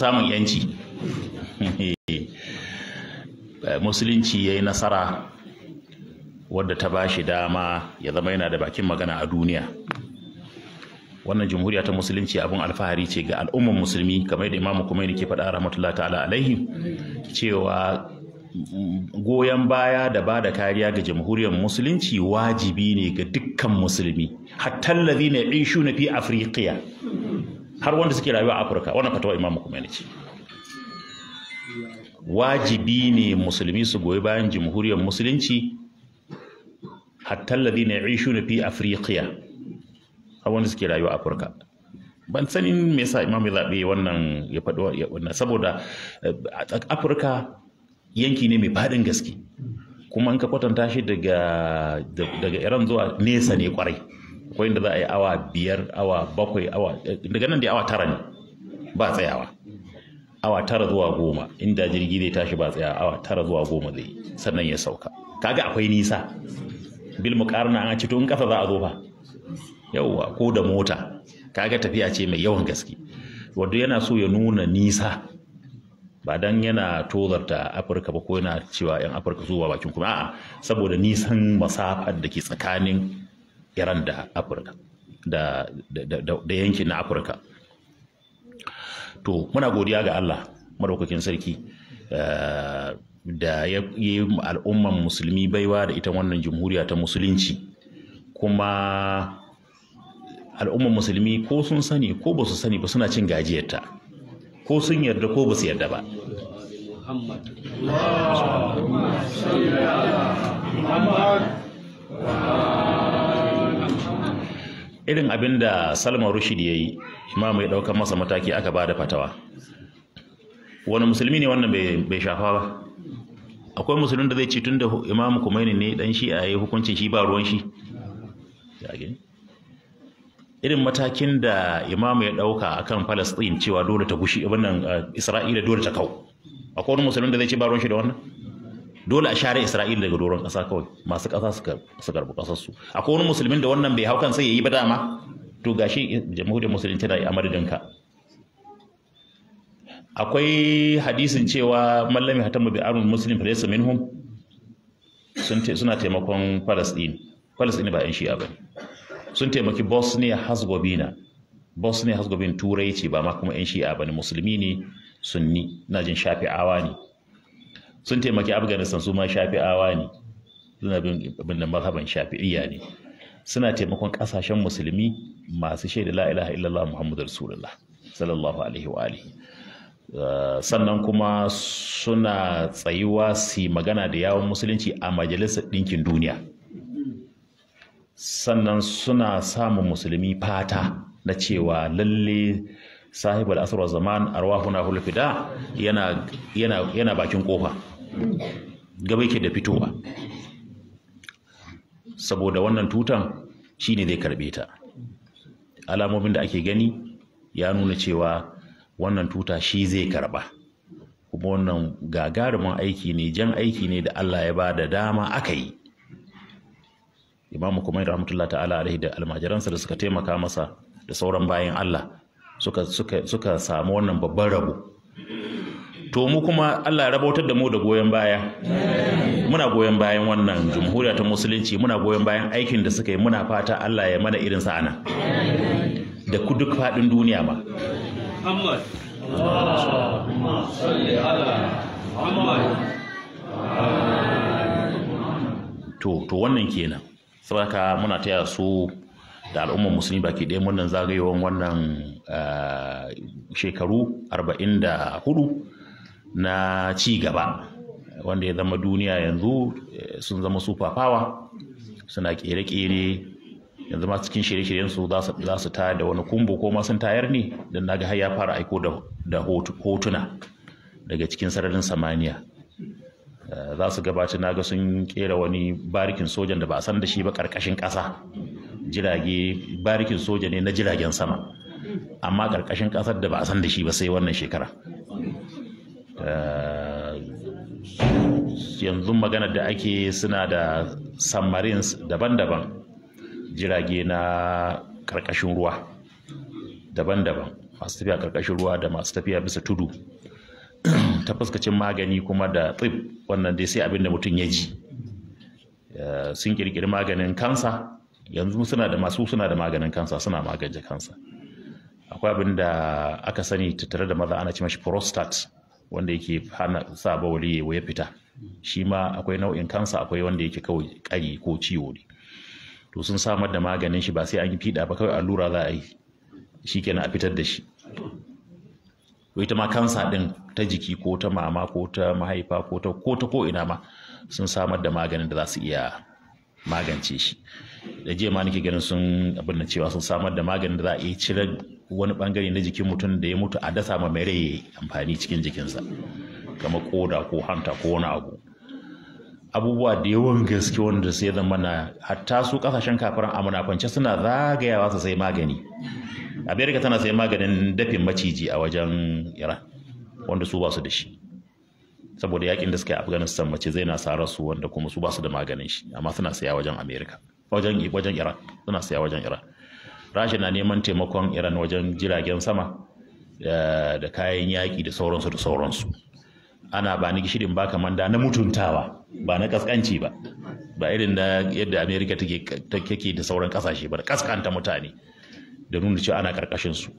samun yanci eh, musulunci ya yi nasara wadda ta ba shi dama ya zama yana da bakin magana a duniya wannan jamhuriya ta musulunci abin alfahari ce ga al'umman musulmi kamar da imamu kuma ke faɗa rahmatullah ta'ala alaihi cewa goyon baya da ba da kariya ga jamhuriyar musulunci wajibi ne ga dukkan musulmi hatta na ya'ishu na fi afirikiya har wanda suke rayuwa a Afirka wannan fatawa Imam Khomeini ce wajibi ne musulmi su goyi bayan jamhuriyar musulunci hatta ishu na fi afirka har wanda suke rayuwa a Afirka ban sanin me yasa Imam ya zabe wannan ya faɗi wannan saboda eh, Afirka yanki ne mai faɗin gaske kuma in ka kwatanta shi daga daga Iran zuwa nesa ne kwarai akwai inda za a yi awa biyar awa bakwai awa daga nan da awa tara ne ba tsayawa awa tara zuwa goma inda jirgi zai tashi ba tsayawa awa tara zuwa goma zai sannan ya sauka kaga akwai nisa bil muqarna an ci to in kasa za a zo fa yauwa ko da mota kaga tafiya ce mai yawan gaske wanda yana so ya nuna nisa ba dan yana tozarta afirka ba ko yana cewa yan afirka su ba bakin kuma a'a saboda nisan masafar da ke tsakanin iran da afirka da, yankin na afirka to muna godiya ga allah maraukakin sarki eh, da ya yi al'umman musulmi baiwa da ita wannan jamhuriya ta musulunci kuma al'umman musulmi ko sun sani ko ba su sani ba suna cin gajiyarta ko sun yarda ko ba su yarda ba Muhammad irin abin da salman rushid ya yi imamu ya ɗaukar masa mataki aka ba da fatawa wani musulmi ne wannan bai shafa ba akwai musulmi da zai ci tun da imamu kumaini ne dan shi a yi hukuncin shi ba ruwan shi irin matakin da imamu ya ɗauka akan palestine cewa dole ta gushi abin nan isra'ila dole ta kau akwai wani musulmi da zai ci ba ruwan shi da wannan dole a share Isra'ila daga doron ƙasa kawai masu ƙasa su karɓi ƙasarsu akwai wani musulmin da wannan bai hau sai ya yi ba dama to gashi jamhuriyar tana yi a madadinka akwai hadisin cewa mallami mu bi arun fa falaysa minhum sun suna taimakon Palestine Palestine ba yan shi'a bane sun taimaki Bosnia Herzegovina Bosnia Herzegovina turai ce ba ma kuma yan shi'a bane musulmi ne sunni na jin shafi'awa ne sun taimaki afghanistan su ma shafi'awa ne suna bin abin da mazhaban shafi'iyya ne suna taimakon kasashen musulmi masu shaida la ilaha illallah muhammadu rasulullah sallallahu alaihi wa alihi uh, sannan kuma suna tsayuwa su magana da yawon musulunci a majalisar ɗinkin duniya sannan suna samun musulmi fata na cewa lalle sahibul asirar zaman arwahuna hulfida yana yana yana bakin kofa gaba yake da fitowa saboda wannan tutan shi ne zai karbe ta alamomin da ake gani ya nuna cewa wannan tuta shi zai karba kuma wannan gagarumin aiki ne jan aiki ne da Allah ya ba da dama aka yi imamu kuma rahmatullah ta'ala alaihi da almajiransa da suka taimaka masa da sauran bayan Allah suka samu wannan babban rabo to mu kuma Allah ya rabautar da mu da goyon baya muna goyon bayan wannan jumhuriya ta musulunci muna goyon bayan aikin da suka yi muna fata Allah ya mana irin sa'ana da ku duk faɗin duniya ma to to wannan kenan saboda muna taya su da al'ummar musulmi baki ɗaya wannan zagayowar wannan eh, shekaru arba'in da hudu na ci gaba wanda ya zama duniya yanzu eh, sun zama sufafawa, suna kere-kere yanzu ma cikin shirye-shiryen su za su tayar da wani kumbo ko ma sun tayar ne don na har ya fara aiko da hotuna daga cikin sararin samaniya eh, za su gabata ga sun kera wani barikin sojan da ba san da shi ba karkashin ƙasa jirage barikin soja ne na jiragen sama amma karkashin ƙasar da ba a san da shi ba sai wannan shekara Eh, yanzu maganar da ake suna da submarines daban-daban jirage na karkashin ruwa daban-daban masu tafiya karkashin ruwa da masu tafiya bisa tudu ta fuskacin magani kuma da tsib wannan dai sai abin da mutum ya ji eh, sun kirkiri maganin kansa yanzu suna da masu suna da maganin kansa suna magance kansa akwai abin da aka sani tattare da maza ana ce mashi prostate wanda yake hana sa bawali ya fita shi ma akwai nau'in kansa akwai wanda yake kawai ƙari ko ciwo ne to sun samar da maganin shi ba sai an yi fiɗa ba kawai allura za a yi shi kenan a fitar da shi ita ma kansa ɗin ta jiki ko ta mama ko ta mahaifa ko ta ko ta ko ina ma sun samar da maganin da za su iya magance shi da jiya ma nake ganin sun abin cewa sun samar da maganin da za a iya cire wani bangare na jikin mutum da ya mutu a dasa ma mere amfani cikin jikinsa kamar koda ko hanta ko wani abu abubuwa da yawan gaske wanda sai zama na hatta su kasashen kafiran amunafance suna zagayawa su sai magani amerika tana sai maganin dafin maciji a wajen iran wanda su ba da shi saboda yakin da suka yi afghanistan mace zai na sarar su wanda kuma su ba da maganin shi amma suna saya wajen amerika wajen iran suna saya wajen iran rasha na neman taimakon iran wajen jiragen sama da kayan yaƙi da sauransu da sauransu ana ba ni gishirin ba kamar na mutuntawa ba na kaskanci ba ba irin da yadda amerika take da sauran kasashe ba da kaskanta mutane da nuna cewa ana karkashin su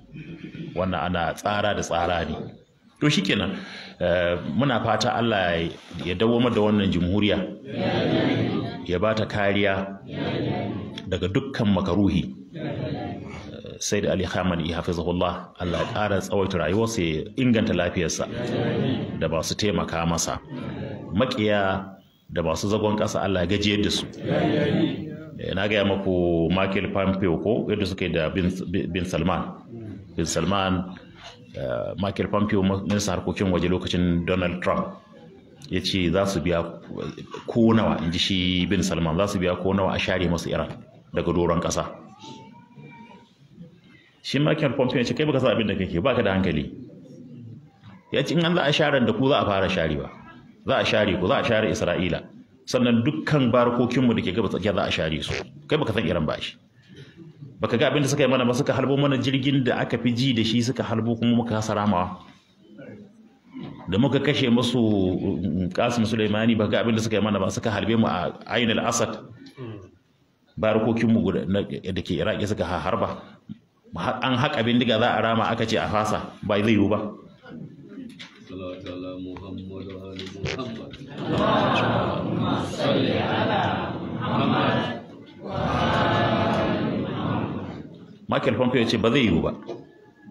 wannan ana tsara da tsara ne to shikenan eh, muna fata Allah ya dawwamar da wannan jamhuriya ya ba ta kariya daga dukkan makaruhi sai da ali khamani hafizahullah Allah ya ƙara tsawaita rayuwarsa ya inganta lafiyarsa da ba su taimaka masa makiya da ba su zagon ƙasa Allah ya gajiyar da su eh, na gaya maku Michael Pompeo ko yadda suka da bin Salman bin Salman eh, Michael Pompeo minista harkokin waje lokacin Donald Trump ya ce za su biya ko nawa in ji shi bin Salman za su biya ko nawa a share masu Iran daga doron ƙasa shi Michael Pompeo ya ce kai baka san abin da kake baka da hankali ya ce in an za a share da ku za a fara sharewa za a share ku za a share Isra'ila sannan dukkan barkokinmu da ke gaba tsakiya za a share su kai baka san Iran ba shi baka ga abin da suka yi mana ba suka halbo mana jirgin da aka fi ji da shi suka halbo kuma muka hasara ma. da muka kashe musu mm, Qasim Sulaimani baka ga abin da suka yi mana ba suka halbe mu a Ain al-Asad hmm. barkokinmu da ke Iraki suka harba an haƙa bindiga za a rama aka ce a fasa ba zai yiwu ba Michael Pompeo ya ce ba zai yiwu ba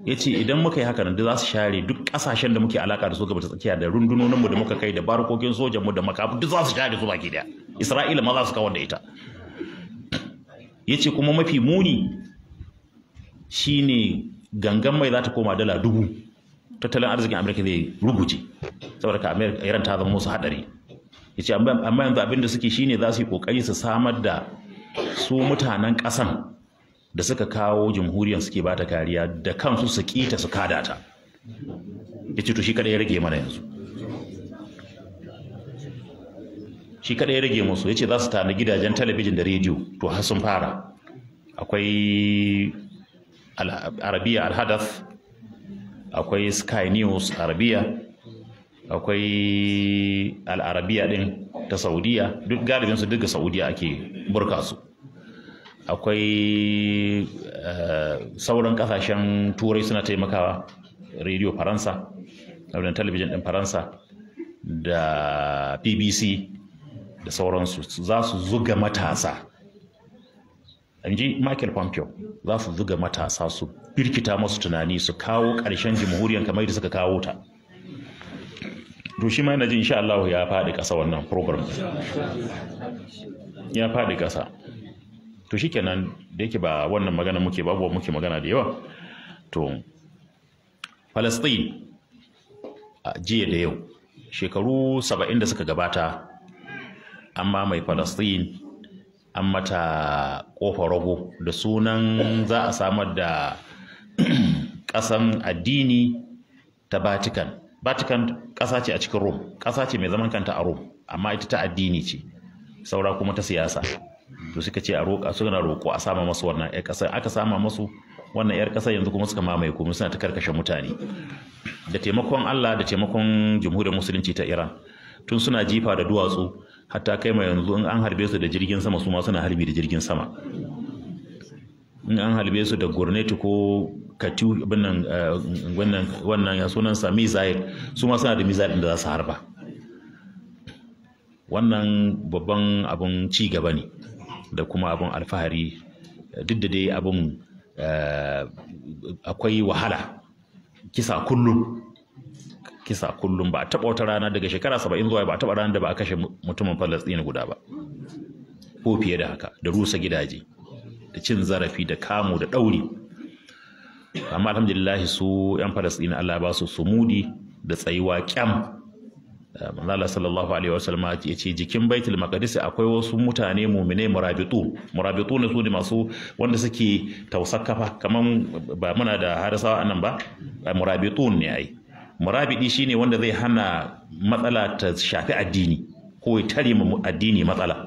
ya ce idan muka yi hakanan da za su share duk ƙasashen da muke alaka da su gaba ta tsakiya da rundunoninmu da muka kai da barkokin sojanmu da makabu duk za su share su baki daya isra'ila ma za su kawo da ita ya ce kuma mafi muni Shi ne gangan mai za ta koma dala dubu tattalin arzikin amurka zai ruguje saboda ka amurka iran ta zama musu hadari ya ce amma yanzu abin da suke shine za su yi kokari su samar da su mutanen kasan da suka kawo jamhuriyar suke ba ta kariya da kansu su kita su kada ta ya ce to shi kadai ya rage mana yanzu shi kadai ya rage musu ya ce za su tana gidajen talabijin da rediyo to har sun fara akwai arabiya alhadath akwai sky news arabiya akwai al'arabiya din ta saudiya duk galibin su duka saudiya ake burka su akwai eh, sauran kasashen turai suna taimakawa Radio faransa da talabijin din faransa da bbc da sauransu za su zuga matasa in ji michael pompeo za su zuga matasa su birkita masu tunani su kawo ƙarshen jamhuriyar kamar da suka kawo ta to shi ma yana ji insha Allah ya faɗi ƙasa wannan program ya faɗi ƙasa to shikenan da yake ba wannan magana muke babu muke magana da yawa to Palestine a jiya da yau shekaru saba'in da suka gabata an mai Palestine an mata ƙofar rago da sunan za a samar da ƙasan addini ta Vatican. Vatican ƙasa ce a cikin Rome, ƙasa ce mai zaman kanta a Rome, amma ita ta addini ce, saura kuma ta siyasa. To suka ce a roƙa suna roƙo a sama masu wannan 'yar ƙasa, aka sama masu wannan 'yar ƙasa yanzu kuma suka mamaye kuma suna ta karkashe mutane. Da taimakon Allah da taimakon jamhuriyar musulunci ta Iran, tun suna jifa da duwatsu hatta kai mai yanzu in an harbe su da jirgin sama su ma suna harbi da jirgin sama in an harbe su da gurneti ko katu eh, wannan wannan ya sunan sa misail su ma suna da misail din da za su harba wannan babban abun ci gaba ne da kuma abun alfahari duk da dai abun eh, akwai wahala kisa kullum kisa kullum ba a taɓa wata rana daga shekara saba'in zuwa ba a taɓa ranar da ba a kashe mutumin falastini guda ba ko fiye da haka da rusa gidaje da cin zarafi da kamu da ɗauri amma alhamdulillah su yan falastini allah ba su sumudi da tsayuwa kyam eh, manzala sallallahu alaihi wa sallam ya ce jikin baitul maqdis akwai wasu mutane mumine murabitu murabitu ne su ne masu wanda suke tausakafa kamar ba muna da harisawa anan ba murabitu ne ai murabidi shine wanda zai hana matsala ta shafi addini ko ya tare mu addini matsala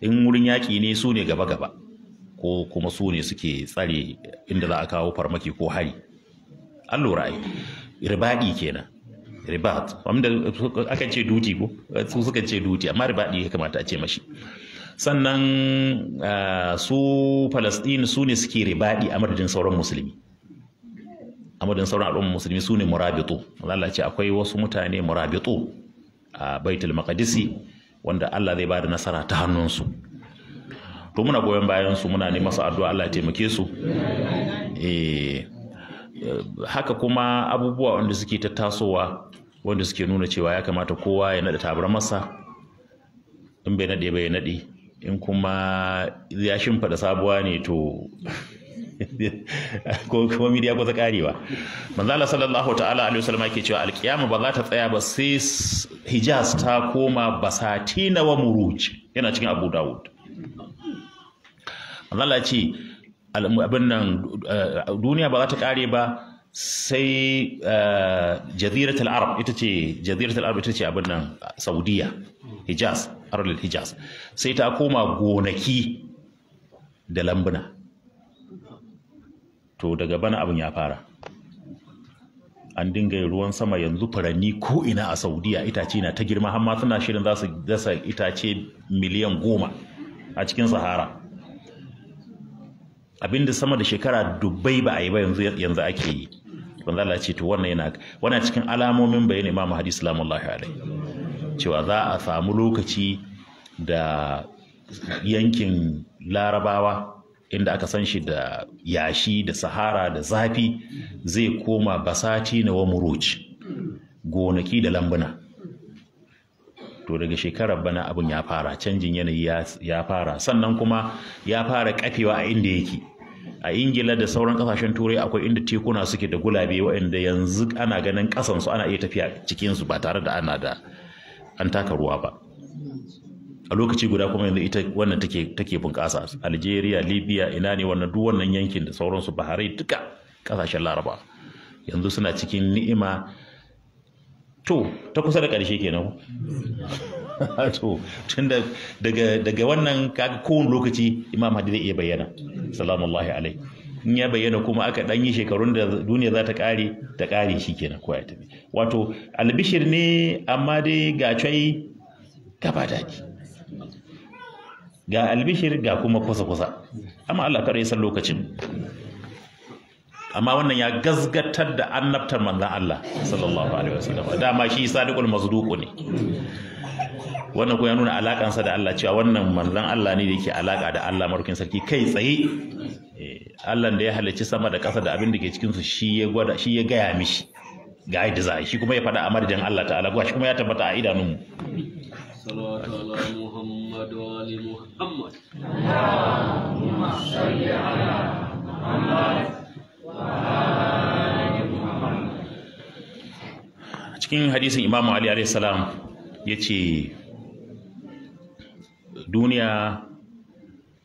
in wurin yaƙi ne su ne gaba gaba ko kuma su ne suke tsare inda za a kawo farmaki ko hari an lura ai ribadi kenan ribat wanda aka ce duti ko su suka ce duti amma ribadi ya kamata a ce mashi sannan ah, su Falasɗin su ne suke ribadi a madadin sauran musulmi a sauran al'ummar musulmi su ne murabitu Allah akwai wasu mutane murabitu a baitul maqdisi wanda Allah zai bada nasara ta hannunsu to muna goyon bayan su muna neman su addu'a Allah ya taimake su eh haka kuma abubuwa wanda suke tattasowa, wanda suke nuna cewa ya kamata kowa ya nada tabar masa in bai nade bai nade in kuma ya shimfada sabuwa ne to ko kuma mi ya ta karewa manzala sallallahu ta'ala alaihi wasallam yake cewa alkiyama ba za ta tsaya ba sai Hijaz ta koma basatina wa muruj yana cikin Abu Dawud manzala ce abin nan eh, duniya ba za ta kare ba sai eh, jaziratul arab ita ce jaziratul arab ita ce abin nan saudiya hijaz arul hijaz sai ta koma gonaki da lambuna to daga bana abin ya fara an dinga ruwan sama yanzu furanni ko ina a saudiya itace na ta girma har suna shirin za su dasa itace miliyan goma a cikin sahara abinda sama da shekara dubbai ba a yi ba yanzu ake yi manzo Allah ce to wannan yana wannan cikin alamomin bayan Imam hadis sallallahu alaihi cewa za a samu lokaci da yankin Larabawa inda aka san shi da yashi da sahara da zafi zai koma basati na wa muruci gonaki da lambuna to daga shekarar bana abin ya fara canjin yanayi ya fara sannan kuma ya fara kafewa a inda yake a ingila da sauran kasashen turai akwai inda tekuna suke da gulabe waɗanda yanzu ana ganin ƙasansu ana iya tafiya cikinsu ba tare da ana da an taka ruwa ba a lokaci guda kuma yanzu ita wannan take take bunƙasa Algeria Libya ina ne wannan duk wannan yankin da sauransu Bahrain duka kasashen Laraba yanzu suna cikin ni'ima to ta kusa da ƙarshe kenan to Tunda daga daga wannan kaga kowane lokaci Imam Hadi zai iya bayyana sallallahu alaihi in ya bayyana kuma aka dan yi shekarun da duniya za ta kare ta kare shi kenan ko ya tafi wato albishir ne amma dai ga gaba daɗi ga albishir ga kuma kusa-kusa amma Allah kare san lokacin amma wannan ya gazgatar da annabtar manzan Allah sallallahu alaihi wasallam dama shi sadiqul mazduqu ne wannan ko ya nuna alakansa da Allah cewa wannan manzan Allah ne da yake alaka da Allah marukin sarki kai tsaye eh, Allah da ya halicci sama da ƙasa da abin da ke cikin su shi ya gwada shi ya gaya mishi ga yadda za shi kuma ya faɗa a madadin Allah ta'ala kuma shi kuma ya tabbata a idanunmu الصلاة على محمد وآل محمد اللهم صل على محمد وآل محمد cikin hadisin Imam Ali alayhi ya ce, duniya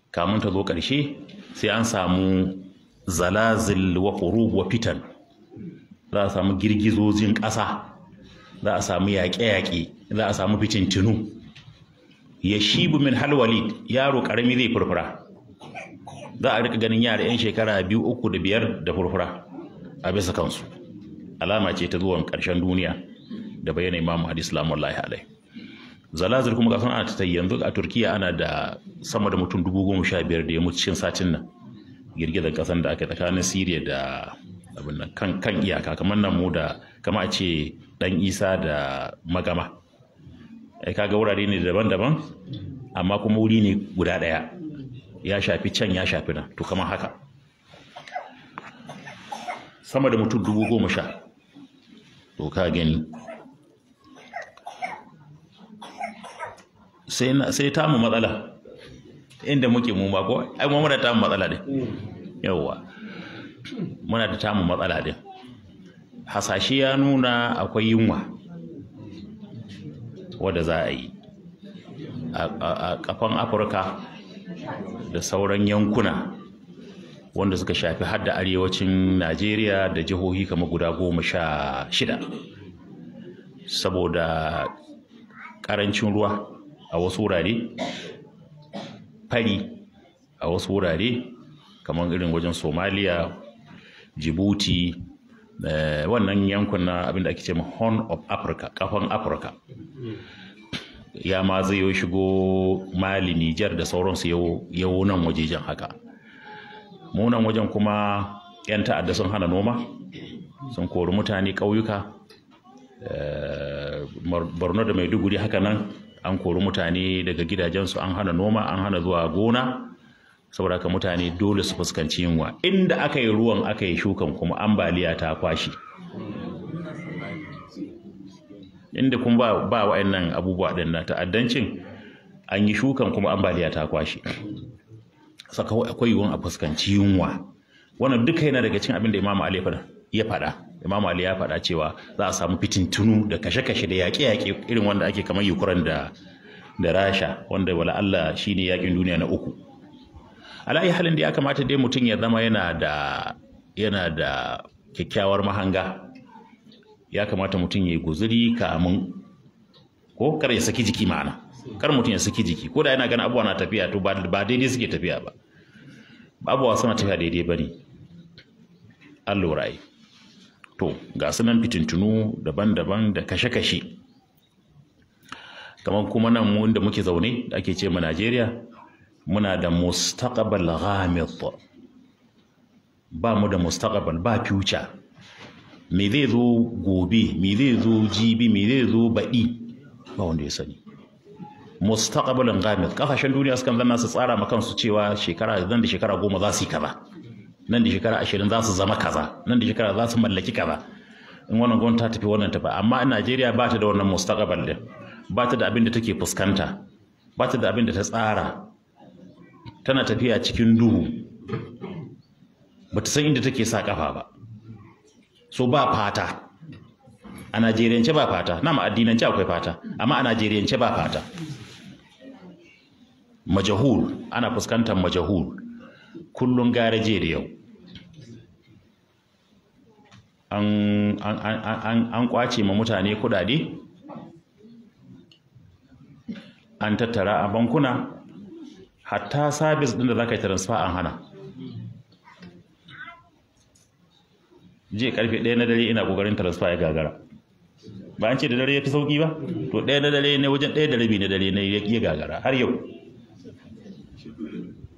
kamun ta zo ƙarshe sai an samu zalazil wa qurub wa fitan za a samu girgizozin ƙasa za a samu yaƙe-yaƙe za a samu fitintinu ya bu min halwalid yaro karami zai furfura za a rika ganin yara 'yan shekara biyu uku da biyar da furfura a bisa kansu alama ce ta zuwan karshen duniya da bayyana imam hadis islam lahi alai zalazir kuma kasan ana ta yanzu a turkiya ana da sama da mutum dubu goma sha biyar da ya mutu cikin satin nan girgizar kasan da aka tsakanin siriya da abin nan kan iyaka kamar nan mu da kama a ce dan isa da magama Eh, kaga wurare ne daban-daban amma kuma wuri ne guda ɗaya ya shafi can ya shafi nan to kamar haka sama da mutum dubu goma sha to ka gani sai ta mu matsala inda muke mu ba ko ai mu da mu matsala din yawa muna da mu matsala din hasashe ya nuna akwai yunwa wadda za a yi a kafan afirka da sauran yankuna wanda suka shafi hada arewacin najeriya da jihohi kamar guda goma sha shida saboda karancin ruwa a wasu wurare fari a wasu wurare kamar irin wajen somaliya jibuti Eh, wannan yankun na abin da ake ce ma horn of africa kafan africa ya ma zai yi shigo mali niger da sauransu yau nan wajejen haka munan wajen kuma 'yan ta'adda sun hana noma sun kori mutane ƙauyuka eh, borno da maiduguri haka nan an kori mutane daga gidajensu an hana noma an hana zuwa gona saboda haka mutane dole su fuskanci yunwa inda aka yi ruwan aka yi shukan kuma ambaliya ta kwashi inda kuma ba ba wa'annan abubuwa din na ta'addancin an yi shukan kuma ambaliya ta kwashi saka akwai yiwuwan a fuskanci yunwa wannan duka yana daga cikin abin da Imam Ali ya faɗa Imam Ali ya faɗa cewa za a samu fitintunu da kashe-kashe da yaƙe-yaƙe irin wanda ake kamar Ukraine da da Rasha wanda wala Allah shine yakin duniya na uku ala'ayi halin da ya kamata dai mutum ya zama yana da da kyakkyawar mahanga ya kamata mutum ya yi guzuri kamun ko kar ya saki jiki ma'ana kar mutum ya saki jiki ko da yana gana abubuwa na tafiya to ba daidai suke tafiya ba abubuwa suna tafiya daidai ba ne an lura to ga sunan fitintunu daban-daban da kashe-kashe kamar kuma nan mu da muke zaune da ake ce ma Najeriya muna da mustaqbal ghamid ba mu da mustaqbal ba future me zai zo gobe me zai zo jibi me zai zo baɗi ba wanda ya sani mustaqbalin ghamid kafashen duniya sukan zanna su tsara ma kansu cewa shekara nan da shekara goma za su yi kaza nan da shekara ashirin za su zama kaza nan da shekara za su mallaki kaza in wannan gwamnati ta tafi wannan tafi amma a Najeriya ba ta da wannan mustaqbal din ba ta da abin da take fuskanta ba ta da abin da ta tsara tana tafiya cikin duhu bata san inda take sa kafa ba so ba fata a najeriyance ba fata na addinance akwai fata amma a najeriyance ba fata majahul ana fuskantar majahul kullum gare je da yau an kwace ma mutane kudade an tattara a bankuna hatta sabis ɗin da za ka yi transfer an hana je karfe ɗaya na dare ina ƙoƙarin transfer ya gagara ba an ce da dare ya fi sauƙi ba to ɗaya na dare ne wajen ɗaya da rabi na dare ne ya gagara har yau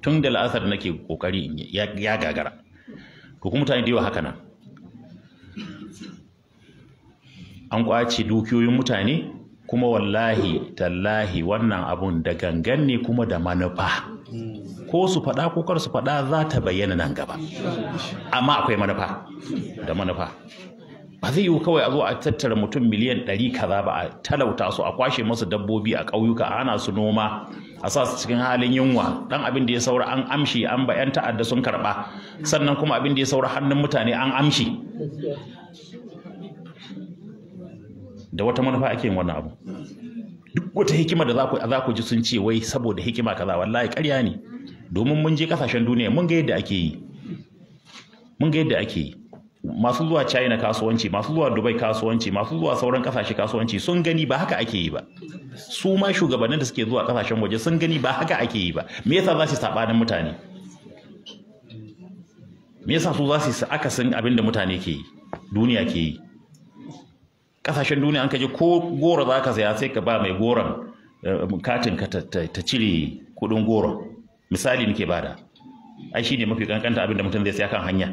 tun da la'asar nake ƙoƙari ya gagara to kuma mutane da yawa haka nan an ƙwace dukiyoyin mutane kuma wallahi tallahi wannan abun da gangan ne kuma da manufa ko su faɗa ko kar su faɗa za ta bayyana nan gaba amma akwai manufa da manufa ba zai yiwu kawai a zo a tattara mutum miliyan ɗari kaza ba a talauta su a kwashe masu dabbobi a ƙauyuka a hana su noma a sa su cikin halin yunwa ɗan abin da ya saura an amshi an ba 'yan ta'adda sun karɓa sannan kuma abin da ya saura hannun mutane an amshi da wata manufa ake yin wannan abu duk wata hikima da za ku ji sun ce wai saboda hikima kaza wallahi ƙarya ne domin mun je kasashen duniya mun ga yadda ake yi mun ga yadda ake yi masu zuwa China kasuwanci masu zuwa Dubai kasuwanci masu zuwa sauran kasashe kasuwanci sun gani ba haka ake yi ba su ma shugabannin da suke zuwa kasashen waje sun gani ba haka ake yi ba me yasa za su sabanin mutane me yasa su za su akasin abin da mutane ke yi duniya ke yi kasashen duniya an ka ji ko goro za ka saya sai ka ba mai goron eh, katin ka ta cire kudin goron misali nake bada ai shine mafi kankanta abin da mutum zai saya kan hanya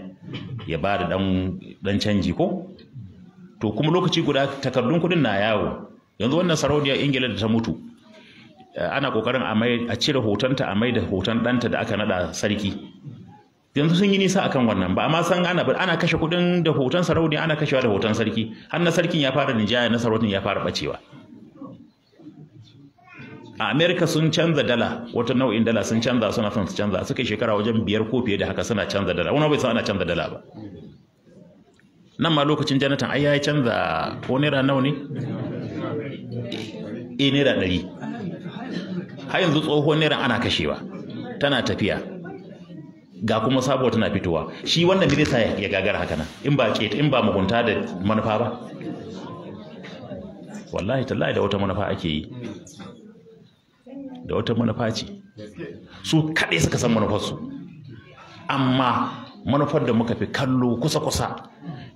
ya bada dan dan canji ko to kuma lokaci guda takardun kudin na yawo yanzu wannan sarauniyar ingila da ta mutu eh, ana kokarin a cire hotonta a mai da hoton ɗanta da aka nada sarki yanzu sun yi nisa akan wannan ba amma san ana ana kashe kuɗin da hoton sarauni ana kashewa da hoton sarki har na sarkin ya fara rinjaya na sarautin ya fara bacewa a amerika sun canza dala wata nau'in dala sun canza suna son su canza suka shekara wajen biyar ko fiye da haka suna canza dala wani bai san ana canza dala ba nan ma lokacin janatan ai ya canza ko naira nawa ne e naira ɗari har yanzu tsohon naira ana kashewa tana tafiya ga kuma sabuwa tana fitowa shi wannan me sa ya gagara haka nan in ba ke in ba mugunta da manufa ba wallahi tallahi da wata manufa ake yi da wata manufa ce su kaɗai suka san manufarsu amma manufar da muka fi kallo kusa-kusa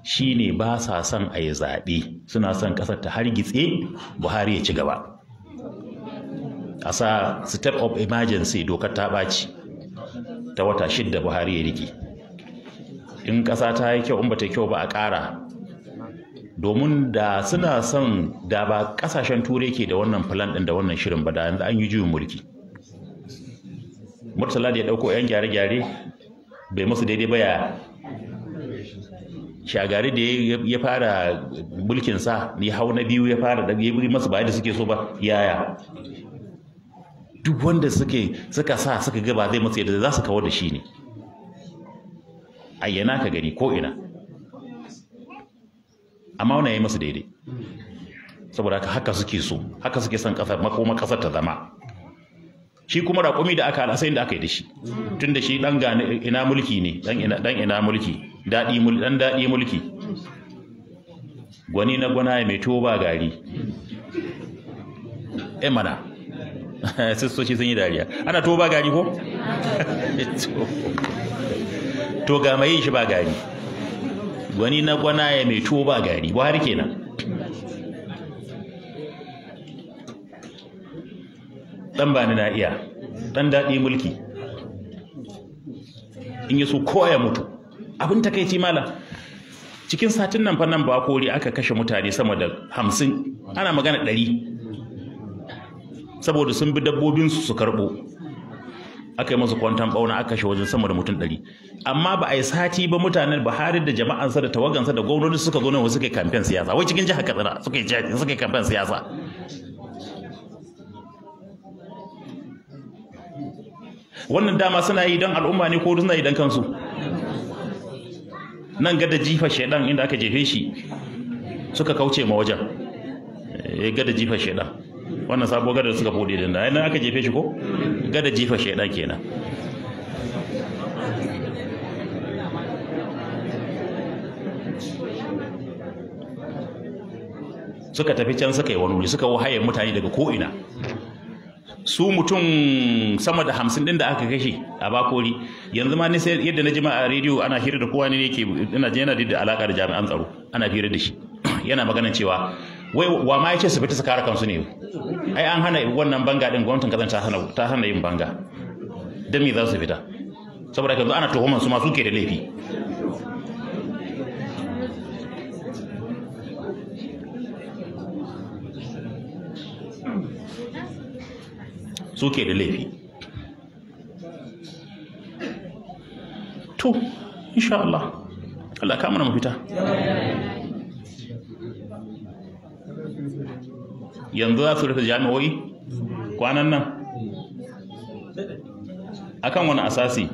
shi ne ba sa son a yi zaɓe suna son ƙasar ta hargitse buhari ya ci gaba a sa step of emergency dokar ta ɓaci ta wata shidda buhari ya rike in ƙasa ta yi kyau in ba ta kyau ba a ƙara domin da suna son da ba ƙasashen turai ke da wannan filan ɗin da wannan shirin ba da yanzu an yi juyin mulki murtala da ya ɗauko 'yan gyare-gyare bai musu daidai ba ya shagari da ya fara mulkinsa ne hau na biyu ya fara da ya masu bayan da suke so ba yaya duk wanda suke suka sa suka gaba zai matsa da za su kawo da shi ne ayyana ka gani ko ina amma ya yi masa daidai saboda haka haka suke so haka suke son kasar makoma kasar ta zama shi kuma raƙumi da aka alasayin da aka yi da shi tun da shi ɗan gane ina mulki ne ɗan ina mulki ɗan daɗi mulki gwani na gwana mai tuwo ba gari emana eh sistoci sun yi dariya ana to ba gari ko to ga mai shi ba gari wani na gwana ya mai tuwo ba gari buhari kenan dan ba ni na iya dan daɗi mulki in yi su kowa ya mutu abin takaici mala cikin satin nan fa nan ba kori aka kashe mutane sama da hamsin ana magana ɗari saboda sun bi dabbobinsu su karɓo aka yi masu kwantan bauna aka shi wajen sama da mutum ɗari amma ba a yi sati ba mutanen buhari da jama'ansa da tawagansa da gwamnati suka zo nan wasu yi kamfen siyasa wai cikin jihar katsina suka yi suka yi kamfen siyasa wannan dama suna yi don al'umma ne ko suna yi don kansu nan gada jifa shaidan inda aka jefe shi suka kauce ma wajen ya eh, gada jifa shaidan wannan sabuwar gada suka bude din da nan aka jefe shi ko gada jifa shaidan kenan suka tafi can suka yi wani wuri suka wahaye mutane daga ko'ina su mutum sama da hamsin din da aka kashe a bakori yanzu ma ne yadda na jima a rediyo ana hira da kowa ne yake yana da alaka da jami'an tsaro ana hira da shi yana maganin cewa wai wa ma yace su fita su kare kansu ne ai an hana wannan banga din gwamnatin kazan ta hana ta hana yin banga dan me za su fita saboda kanzu ana tuhuman su ma suke da laifi suke da laifi to insha Allah Allah ka mana mafita yanzu za su rufe jami'o'i kwanan nan akan wani asasi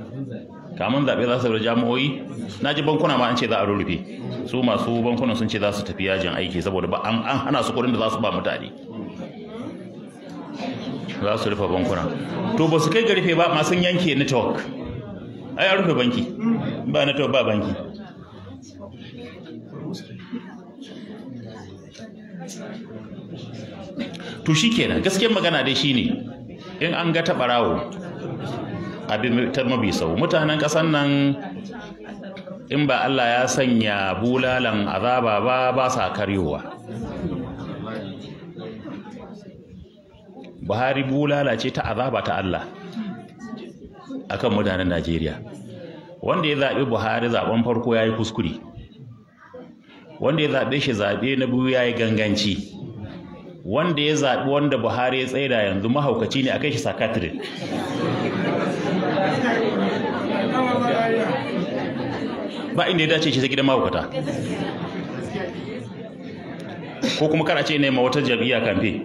kamun zaɓe za su rufe jami'o'i na ji bankuna ma an ce za a rurrufe su masu bankuna sun ce za su tafi yajin aiki saboda ba an hana su kudin da za su ba mutane za su rufe bankuna to ba su kai ga rufe ba masu yanke network ai an rufe banki ba network ba banki to kenan, gaskiyar magana dai shine in an ga taɓarawo abin ta mabi sau mutanen ƙasan nan in ba Allah ya sanya bulalan azaba ba ba sa karyowa Buhari bulala ce ta azaba ta Allah akan mutanen Najeriya wanda ya zaɓi Buhari zaɓen farko ya yi kuskure wanda ya zaɓe shi zaɓe na biyu ya yi ganganci wanda ya zaɓi wanda buhari ya tsaida yanzu mahaukaci ne a kai shi sakatire ba inda ya dace shi sai gidan mahaukata ko kuma kar a ce ne ma wata jam'iyya kamfe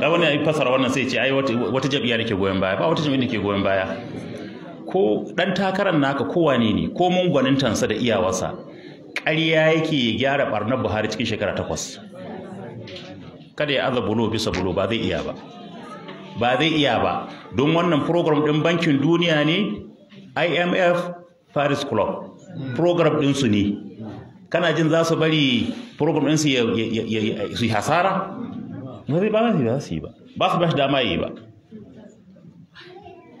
da wani ya fasara wannan sai ce ai wata jam'iyya nake goyon baya ba wata jam'iyya nake goyon baya ko dan takarar naka kowa ne ne ko mungwanin gwanintansa da iyawarsa ƙarya yake ya gyara barnar buhari cikin shekara takwas kada ya aza bulo bisa bulo ba zai iya ba ba zai iya ba don wannan program din bankin duniya ne IMF Paris Club program din su ne kana jin za su bari program din su su hasara ba zai ba za su yi ba ba su bashi dama yi ba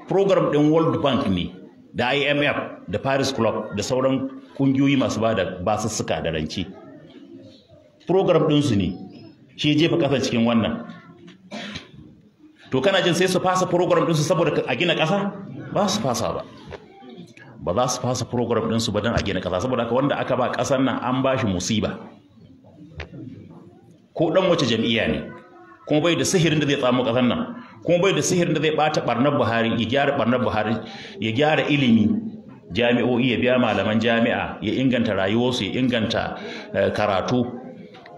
program din World Bank ne da IMF da Paris Club da sauran kungiyoyi masu ba da suka da ranci program ɗinsu ne shi ya jefa ƙasar cikin wannan to kana jin sai su fasa program ɗinsu saboda a gina ƙasa ba su fasa ba ba za su fasa program ɗinsu ba don a gina ƙasa saboda haka wanda aka ba ƙasar nan an ba shi musiba ko ɗan wace jam'iyya ne kuma bai da sihirin da zai tsamo ƙasar nan kuma bai da sihirin da zai ɓata ɓarnar buhari ya gyara ɓarnar buhari ya gyara ilimi jami'o'i ya biya malaman jami'a ya inganta rayuwarsu ya inganta eh, karatu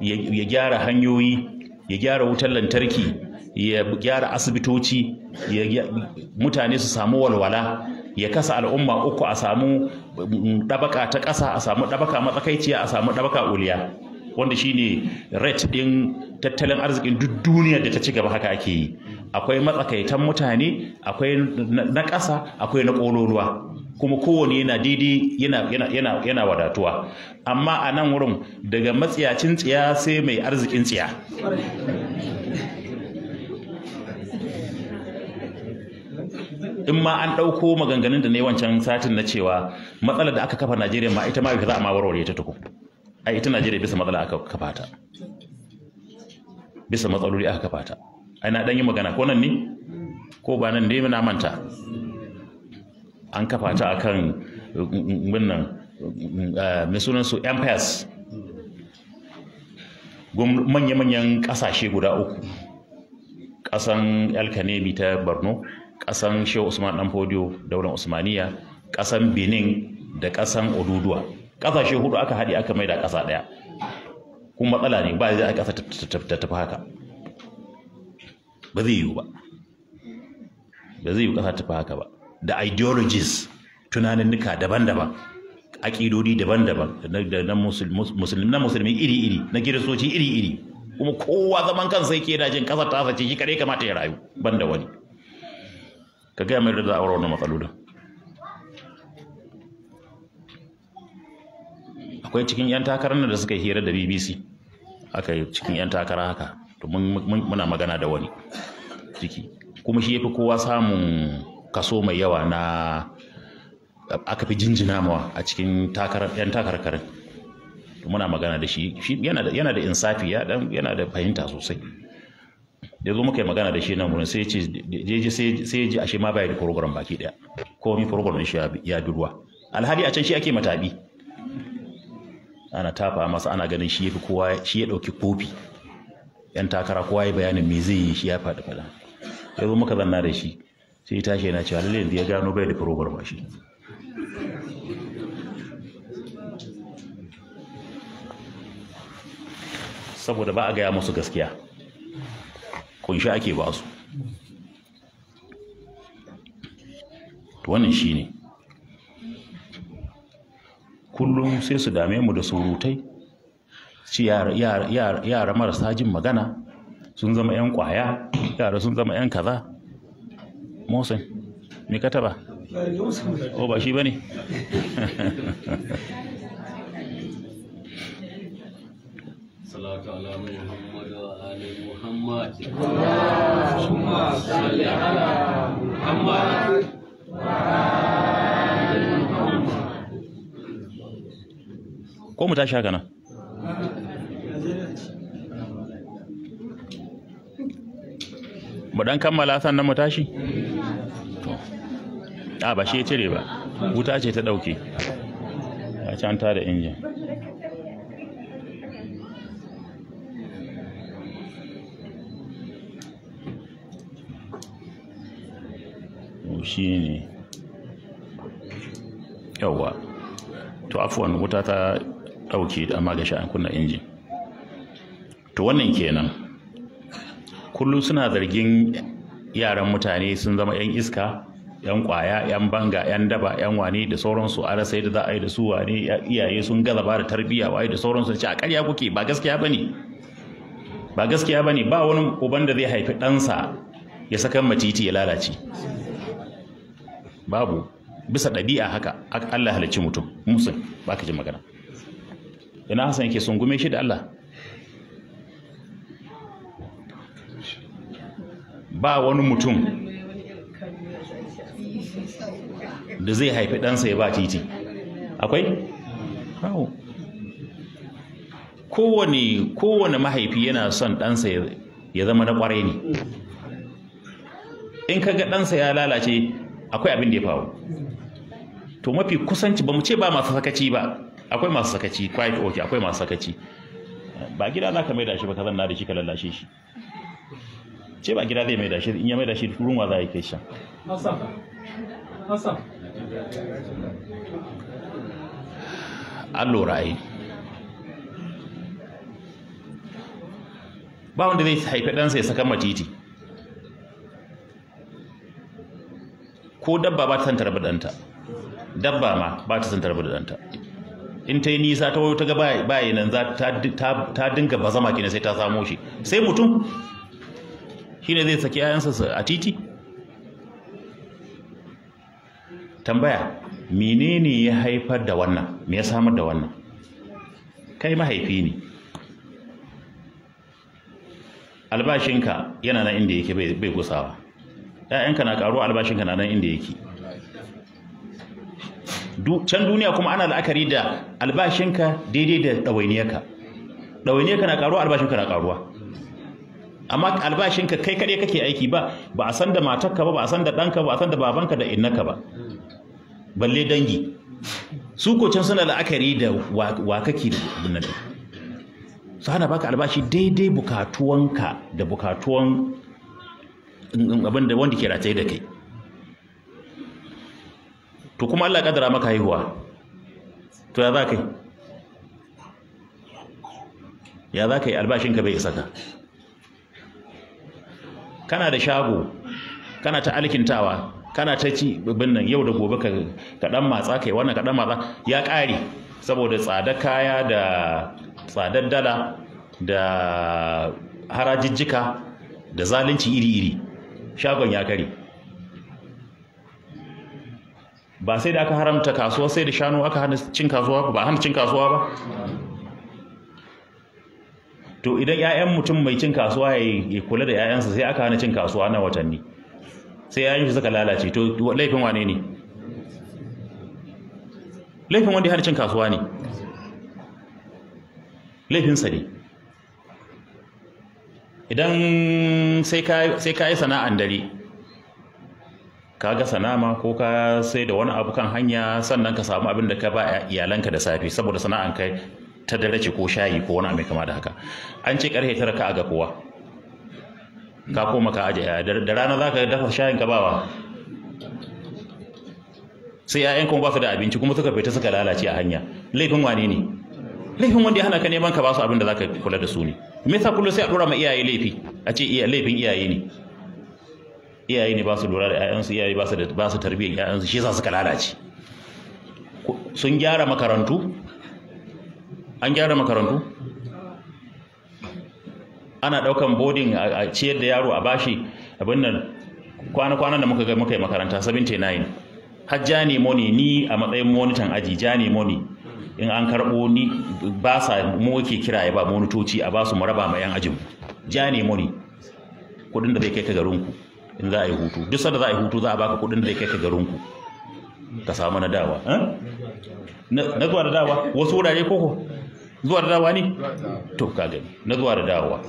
ya gyara hanyoyi ya gyara wutar lantarki ya gyara asibitoci mutane su samu walwala ya kasa al'umma uku a samu mm, ɗabaka ta ƙasa a samu ɗabaka matsakaiciya a samu ɗabaka uliya wanda shine rate ɗin tattalin arzikin duk duniyar da ta ci gaba haka ake yi akwai matsakaitan mutane akwai na ƙasa akwai na ƙololuwa kuma kowane yana daidai yana wadatuwa amma a nan wurin daga matsiyacin tsiya sai mai arzikin tsiya in ma an ɗauko maganganun da ne wancan satin na cewa matsalar da aka kafa najeriya ma ita ma bai za a ma warware ta tuku. a ita najeriya bisa matsala aka kafa ta bisa matsaloli aka kafa ta ai na dan yi magana ko nan ne ko ba nan ne na manta an kafa ta akan wannan eh, mai sunan su empires manya-manyan kasashe guda uku kasan alkanemi ta borno ƙasan shehu usman dan podio daular usmaniya kasan benin da kasan oduduwa ƙasashe hudu aka haɗe aka mai da kasa ɗaya kuma matsala ne ba zai a kasa ta tafi haka ba zai yiwu ba ba zai yiwu ƙasa ta haka ba da ideologies tunanin tunaninnika daban-daban aƙidodi daban-daban na musulmi na musulmi iri-iri na kiristoci iri-iri kuma kowa zaman kansa yake yana jin ƙasa ta sace, shi kare kamata ya rayu ban da wani ka gaya mai da za a akwai cikin 'yan takarar da suka hira da bbc aka yi cikin 'yan takara haka to muna magana da wani ciki kuma shi yafi kowa samun kaso mai yawa na aka fi jinjina mawa a cikin takarar yan takarkarin muna magana da shi yana da insafi yana da fahimta sosai da zo muka yi magana da shi nan wurin sai ya ji ashe ma baya da program baki daya komi program shi ya durwa. alhali a can shi ake matabi ana tafa masa ana ganin shi ya fi kowa shi ya ɗauki kofi yan takara kowa ya bayanin me zai yi shi ya faɗi faɗa ya zo muka zanna da shi sai ya tashi yana cewa lalle yanzu ya gano bai da ba shi saboda ba a gaya musu gaskiya kunshi ake ba su wannan shi ne kullum sai su dame mu da surutai shi yara marasa jin magana sun zama 'yan kwaya yara sun zama 'yan kaza mosin me ka taba o oh, ba shi ba ne ko mu tashi haka nan mu dan kammala sannan mu tashi to a ba shi ya cire ba wuta ce ta dauke a can ta da injin shi ne yawwa to afuwan wuta ta dauke amma ga sha'an kunna injin to wannan kenan kullum suna zargin yaran mutane sun zama 'yan iska 'yan kwaya 'yan banga 'yan daba 'yan wane da sauransu a rasa yadda za a yi da su wane iyaye sun gaza ba da tarbiyya waye da sauransu ce a ƙarya kuke ba gaskiya bane ba gaskiya bane ba wani uban da zai haifi ɗansa ya saka matiti ya lalace babu bisa ɗabi'a haka Allah halicci mutum musul ba ka ji magana ina hasan yake sungume shi da Allah ba wani mutum da zai haifi ɗansa ya ba titi akwai? kowane kowane mahaifi yana son ɗansa ya zama na ƙwarai ne in ka ga ɗansa ya lalace akwai abin da ya faru to mafi kusanci ba mu ce ba masu sakaci ba akwai masu sakaci quite okay akwai masu sakaci ba gida za ka da shi ba ka zanna da shi ka lallashe shi ce ba gida zai mai da shi in ya mai da shi turun wa za a kai shan. an lura yi ba wanda zai haifi ɗansa ya saka matiti ko dabba ba ta san tarbi danta, dabba ma ba ta san tarbi danta. in ta yi nisa ta wayo ta ga bayanan nan ta dinga bazama kina sai ta samo shi sai mutum shine zai saki yayansa a titi tambaya menene ya haifar da wannan me ya samar da wannan kai mahaifi ne albashinka yana nan inda yake bai gusawa ‘ya'yanka na ƙaruwa albashinka na nan inda yake can duniya kuma ana la'akari da albashinka daidai da ɗawainiyarka ɗawainiyarka na ƙaruwa albashinka na ƙaruwa amma albashinka kai kare kake aiki ba ba a san da matarka ba ba a san da ɗanka ba a san da babanka da innaka ba balle dangi su ko can suna la'akari da wa kake da su hana baka albashi daidai bukatuwanka da bukatuwan mm, abin da wanda ke rataye da kai to kuma Allah kadara maka haihuwa to ya za yi ya za ka yi albashinka bai isa ka kana da shago kana ta alkintawa kana ta ci binnan yau da gobe ka dan matsa kai wannan ka dan matsa ya kare saboda tsada kaya da tsadar dala da harajijjika da zalunci iri-iri shagon ya kare ba sai da aka haramta kasuwa sai da shanu aka hana cin kasuwa ba hana cin kasuwa ba to idan 'ya'yan mutum mai cin kasuwa ya kula da 'ya'yansa sai aka hana cin kasuwa na watanni sai 'ya'yan shi suka lalace to laifin wane ne laifin wanda ya hana cin kasuwa ne laifinsa ne idan sai ka yi sana'an dare ka ga sanama ko ka sai da wani abu kan hanya sannan ka samu abin da ka ba iyalanka da safe saboda sana'an kai ta dare ce ko shayi ko wani mai kama da haka an ce karfe tara ka aga kowa ka koma ka aje ya da rana za ka dafa shayin ka bawa sai ya'yan kuma ba su da abinci kuma suka fita suka lalace a hanya laifin wane ne laifin wanda ya hana ka neman ka ba su abin da za ka kula da su ne me yasa kullum sai a dora ma iyaye laifi a ce laifin iyaye ne iyaye ne ba su lura da ƴaƴansu iyaye ba su da ba su tarbiyyar ƴaƴansu shi yasa suka lalace sun gyara makarantu an gyara makarantu ana ɗaukan bodin a ciyar da yaro a bashi abin nan kwana-kwanan da muka ga muka yi makaranta 79 hajja ne moni ni a matsayin monitan aji ja ne moni in an karɓo ni ba sa mu ke kira ya ba monitoci a ba su mu raba ma yan ajin ja ne moni kuɗin da zai kai ka garinku in za a yi hutu duk sanda za a yi hutu za a baka kuɗin da zai kai ka garinku ka samu na dawa eh? na zuwa da dawa wasu wurare koko zuwa dawa ne to ka gani na zuwar dawa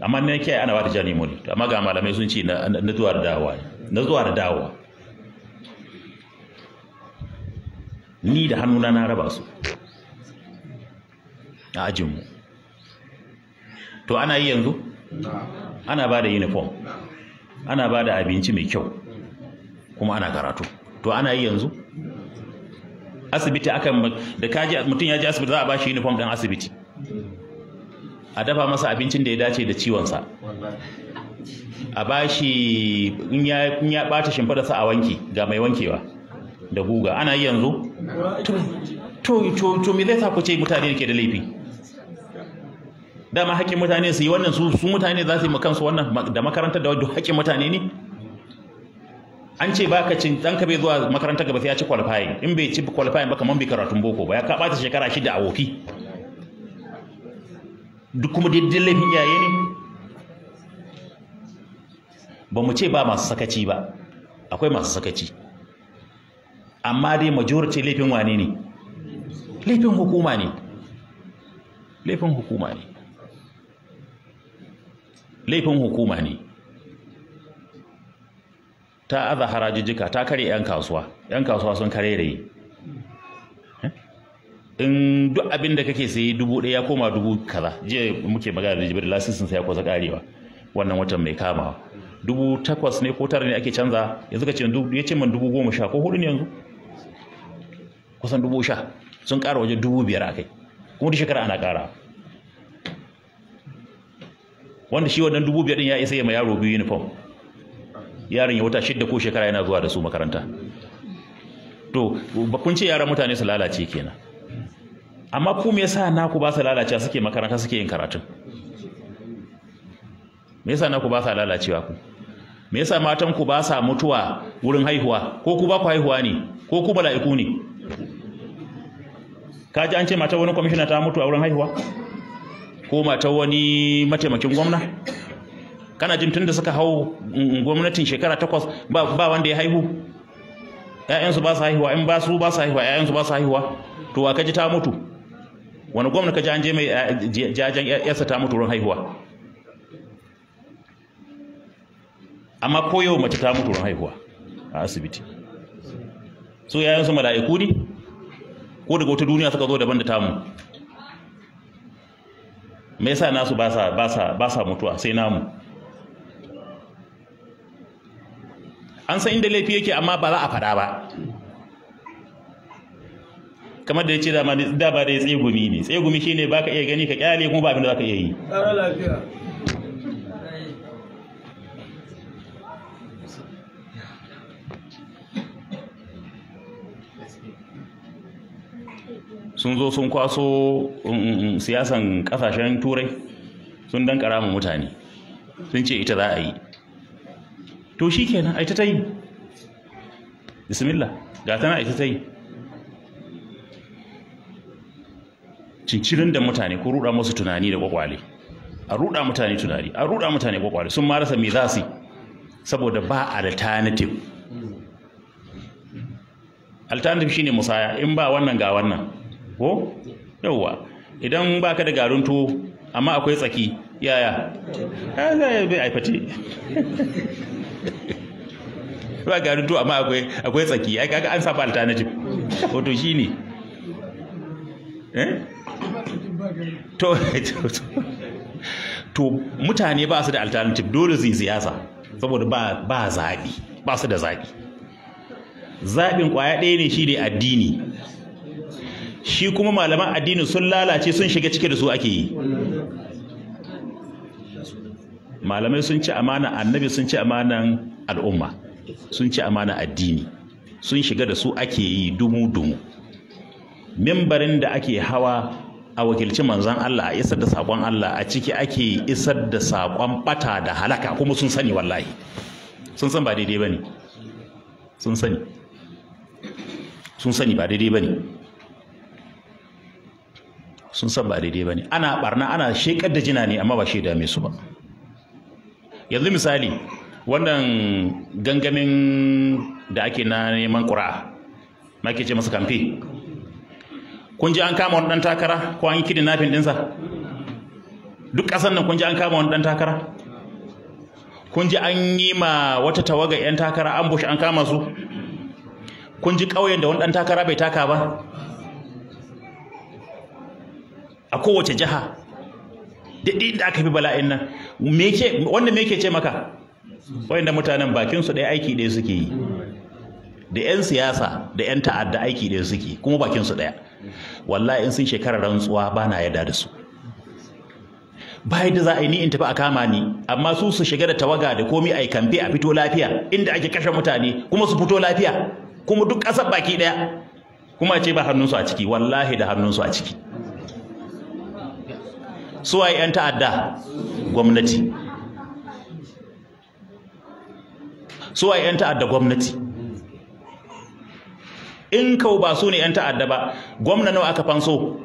amma na kiyaye ana wata jani muni amma ga malamai sun ce na zuwa dawa ne na zuwa dawa ni da hannuna na raba su a ajinmu to ana yi yanzu ana ba da uniform ana ba da abinci mai kyau kuma ana karatu to ana yi yanzu asibiti akan da kaji mutum ya je asibiti za a bashi uniform ɗin asibiti a dafa masa abincin da ya dace da ciwonsa a bashi in ya ɓata sa a wanki ga mai wankewa da guga ana yi yanzu to me zai sa ku ce mutane da ke da laifi dama haƙƙin mutane su yi wannan su mutane za su yi kansu wannan da makarantar da wajen haƙƙin mutane ne an ce baka cin dan ka bai zuwa makarantar gaba sai ya ci qualifying in bai ci qualifying ba kaman bai karatun boko ba ya ka bata shekara shida a wofi duk kuma daidai laifin iyaye ne ba mu ce ba masu sakaci ba akwai masu sakaci amma dai majority laifin wane ne laifin hukuma ne laifin hukuma ne laifin hukuma ne ta aza harajijjika ta kare 'yan kasuwa 'yan kasuwa sun kare rai eh? in duk abin da kake sayi dubu ɗaya ya koma dubu kaza jiya muke magana da jibril lasisin sai ya kwasa karewa wannan watan mai kamawa dubu takwas ne ko tara ne ake canza yanzu ka ce ya ce man dubu goma sha ko hudu ne yanzu kusan dubu sha sun ƙara waje dubu biyar a kai kuma duk shekara ana ƙara wanda shi wannan dubu biyar ɗin ya isa ya ma yaro biyu uniform yaron ya wata shidda ko shekara yana zuwa da su makaranta to ba kun ce yaran mutane su lalace kenan amma ku me yasa naku ba su lalace suke makaranta suke yin karatun me yasa naku ba sa lalacewa ku me yasa matan ku ba sa mutuwa wurin haihuwa ko ku ba ku haihuwa ne ko ku bala'iku ne ka ji an ce matar wani kwamishina ta mutu a wurin haihuwa ko matar wani mataimakin gwamna kana jin tunda suka hau gwamnatin shekara takwas ba wanda ya haihu ƴaƴansu ba su haihuwa in ba su ba su haihuwa ƴaƴansu ba su haihuwa to wa kaji ta mutu wani gwamna ka an je mai jajen yasa ta mutu ruwan haihuwa amma koyo mace ta mutu ruwan haihuwa a asibiti so ƴaƴansu mala'iku ne ko daga wata duniya suka zo daban da tamu me yasa nasu ba sa mutuwa sai namu an san inda laifi yake amma ba za a faɗa ba kamar da ya ce dama, da ba ya tsegumi ne tsegumi shine ba ka iya gani ka kyale kuma ba abin da za ka iya yi sun zo sun kwaso mm, mm, mm, siyasan kasashen turai sun dan mu mutane sun ce ita za a yi to shi kenan ai ta ta yi bismillah ga tana ai ta ta yi cincirin da mutane ko ruɗa musu tunani da kwakwale a ruɗa mutane tunani a ruɗa mutane kwakwale sun ma rasa me za su saboda ba alternative alternative shine musaya in ba wannan ga wannan ko yauwa idan baka da garin tuwo amma akwai tsaki yaya ai fate ba ga tuwo amma akwai akwai tsaki ai kaga an saba alternative wato shine eh to to mutane ba su da alternative dole su yi siyasa saboda ba ba zabi ba su da zabi zabin kwaya ɗaya ne shine addini shi kuma malaman addini sun lalace sun shiga cike da su ake yi malamai sun ci amana annabi sun ci amanan al'umma sun ci amana addini sun shiga da su ake yi dumu-dumu Membarin da ake hawa a wakilci manzan Allah a isar da saƙon Allah a ciki ake isar da saƙon bata da halaka kuma sun sani wallahi sun san ba daidai ba ne sun sani sun sani ba daidai ba ne sun san ba daidai ba ne ana barna, ana shekar da jina ne amma ba shaida mai su ba yanzu misali wannan gangamin da ake na neman ƙura ma ke ce masa kamfe kun ji an kama wani ɗan takara ko an yi nafin ɗinsa duk ƙasar nan kun ji an kama wani ɗan takara kun ji an yi ma wata tawaga 'yan takara an bushe an kama su kun ji ƙauyen da wani ɗan takara bai taka ba a kowace jiha duk da aka fi bala'in nan wanda me yake ce maka wayanda mutanen bakin su ɗaya aiki ɗaya suke yi da yan siyasa da yan ta'adda aiki ɗaya suke kuma bakin su ɗaya wallahi in sun shekarar rantsuwa ba na yarda da su bayan da za a yi ni in tafi a kama ni amma su su shiga da tawaga da komi a yi kamfe a fito lafiya inda ake kashe mutane kuma su fito lafiya kuma duk ƙasar baki ɗaya kuma ce ba hannunsu a ciki wallahi da hannunsu a ciki suwaye 'yan ta'adda gwamnati suwaye 'yan ta'adda gwamnati in kawo ba su ne 'yan ta'adda ba gwamna nawa aka fanso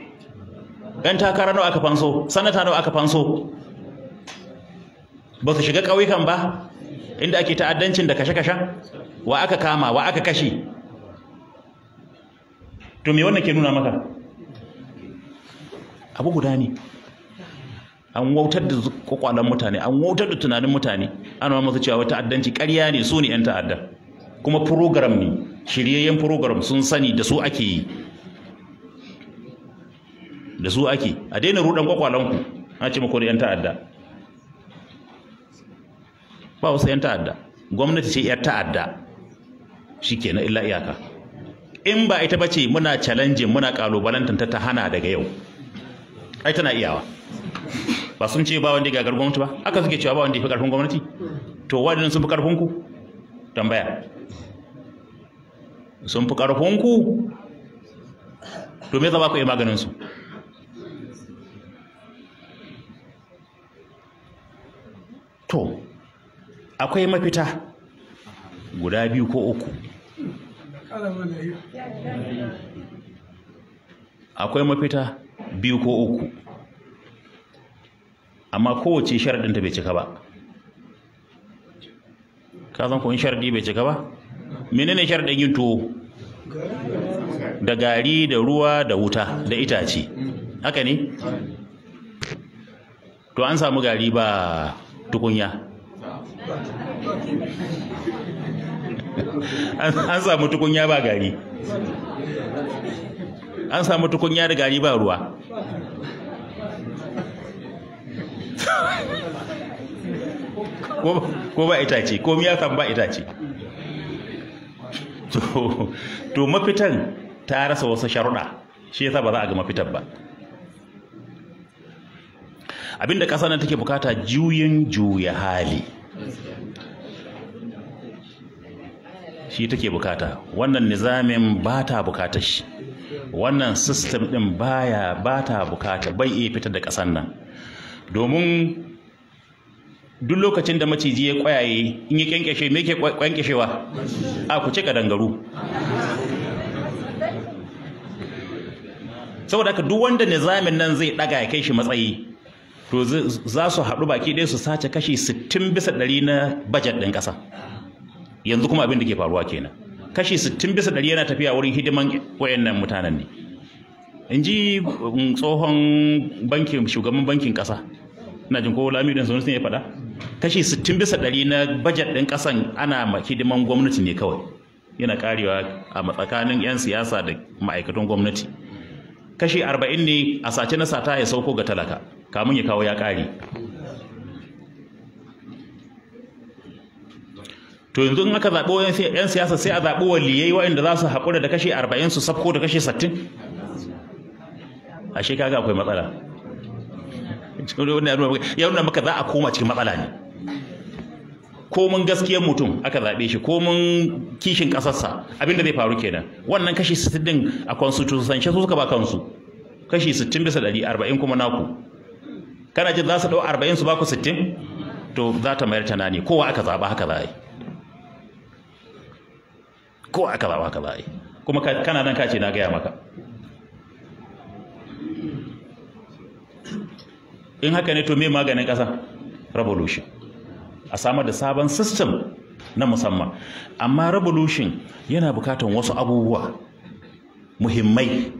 'yan takara nawa aka fanso sanata nawa aka fanso ba su shiga ƙauyukan ba inda ake ta'addancin da kashe-kashen wa aka kama wa aka kashe to me wannan ke nuna maka abu guda ne an wautar da kwakwalan mutane an wautar da tunanin mutane ana masu cewa wata addanci ƙarya ne su ne 'yan ta'adda kuma program ne shiryayyen program sun sani da su ake yi da su ake a daina rudan ku an ce mako da 'yan ta'adda ba wasu 'yan ta'adda gwamnati ce 'yan ta'adda shi ke na illa iyaka in ba ita ba ce muna challenge muna kalubalantar ta hana daga yau ai tana iyawa ba sun ce ba wanda ya gagar gwamnati ba aka suke cewa ba wanda ya fi karfin gwamnati to wadannan sun fi karfin ku tambaya sun fi karfin ku to me za ku yi maganin su to akwai mafita guda biyu ko uku akwai mafita biyu ko uku amma kowace sharaɗinta bai cika ba ka san ko sharaɗi bai cika ba menene sharaɗin yin tuwo da gari da ruwa da wuta da itace haka ne to an samu gari ba tukunya an samu tukunya ba gari an samu tukunya da gari ba ruwa ko ba itace ko miya kan ba itace to mafitan ta rasa wasu sharuɗa shi yasa ba za a ga mafitan ba abinda ƙasa nan take bukata juyin juya hali shi take bukata wannan nizamin ba ta bukatar shi wannan sistem din baya ba ta bukata bai iya fitar da ƙasar nan domin duk lokacin da maciji ya kwayaye in ya kyankyashe me ke kyankyashewa a ku ce kadangaru saboda ka duk wanda nizamin nan zai daga ya kai shi matsayi to za su haɗu baki ɗaya su sace kashi 60 bisa ɗari na bajet ɗin ƙasa yanzu kuma abin da ke faruwa kenan kashi 60 bisa ɗari yana tafiya wurin hidiman wayannan mutanen ne in ji um, tsohon bankin shugaban bankin ƙasa ina jin ko lami ɗin sun ya faɗa kashi 60 bisa ɗari na bajet ɗin ƙasan ana hidiman gwamnati ne kawai yana karewa a tsakanin 'yan siyasa da ma'aikatan gwamnati kashi 40 ne a sace na sata ya sauko ga talaka kamun ya kawo ya kare to yanzu in aka zaɓo yan siyasa sai a zaɓi waliyai da za su haƙura da kashi arba'in su sabko da kashi sittin ashe kaga akwai matsala ya nuna maka za a koma cikin matsala ne komin gaskiyar mutum aka zaɓe shi komin kishin ƙasarsa abinda zai faru kenan wannan kashi 60 din a constitution su suka ba kansu kashi 60 bisa ɗari, arba'in kuma naku kana jin za su ɗau 40 su ba ku 60 to za ta mayar ta nani kowa aka zaɓa haka za a yi kowa aka zaɓa haka za a yi kuma kana nan ka ce na gaya maka in haka ne to me maganin ƙasa revolution a samar da sabon system na musamman amma revolution yana bukatan wasu abubuwa muhimmai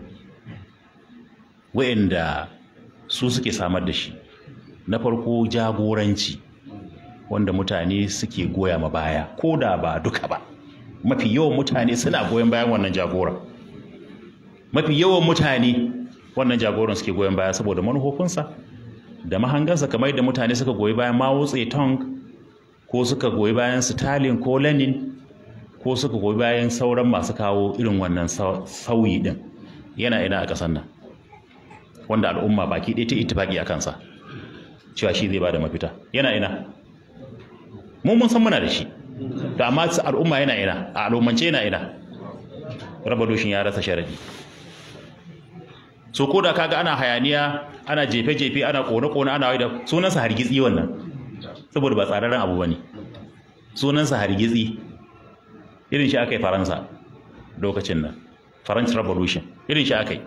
wa'inda su suke samar da shi na farko jagoranci wanda mutane suke goya ma baya ko da ba duka ba mafi yawan mutane suna goyon bayan wannan jagora mafi yawan mutane wannan jagoran suke goyon baya saboda manufofinsa da mahangarsa kamar yadda mutane suka goyi bayan Mao Zedong ko suka goyi bayan Stalin ko Lenin ko suka goyi bayan sauran masu kawo irin wannan sauyi din yana ina a ƙasar nan wanda al'umma baki ɗaya ta ittifaki a kansa cewa shi zai bada mafita yana ina mu mun san muna da shi to amma al'umma yana ina a al'ummance yana ina raba doshin ya rasa sharadi so ko da kaga ana hayaniya ana jefe-jefe ana kone-kone ana wai da sunansa hargitsi wannan saboda ba tsararren abu ba ne sunansa hargitsi irin shi aka yi faransa lokacin nan french revolution irin shi aka yi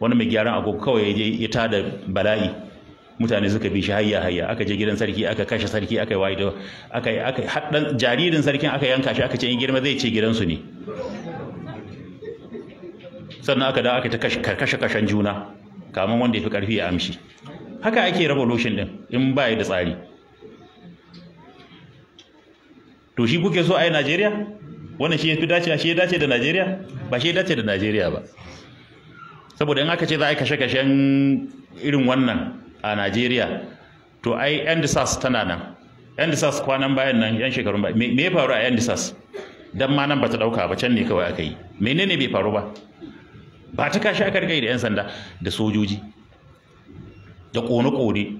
wani mai gyaran agogo kawai ya tada bala'i mutane suka bi shi hayya hayya aka je gidan sarki aka kashe sarki aka wayi da aka aka haddan jaririn sarkin aka yanka shi aka ce in girma zai ce gidansu ne sannan aka da aka ta kashe kashen juna kamar wanda ya fi ƙarfi ya amshi haka ake raba ɗin in ba da tsari to shi kuke so a yi najeriya wannan shi ya fi dace shi ya dace da najeriya ba shi ya dace da najeriya ba saboda in aka ce za a yi kashe-kashen irin wannan a najeriya to ai yan tana nan yan kwanan bayan nan yan shekarun ba me ya faru a yan Don dan ma nan ba ta ɗauka ba can ne kawai aka yi menene bai faru ba ba ta kashi aka rikai da 'yan sanda da sojoji da kone-kone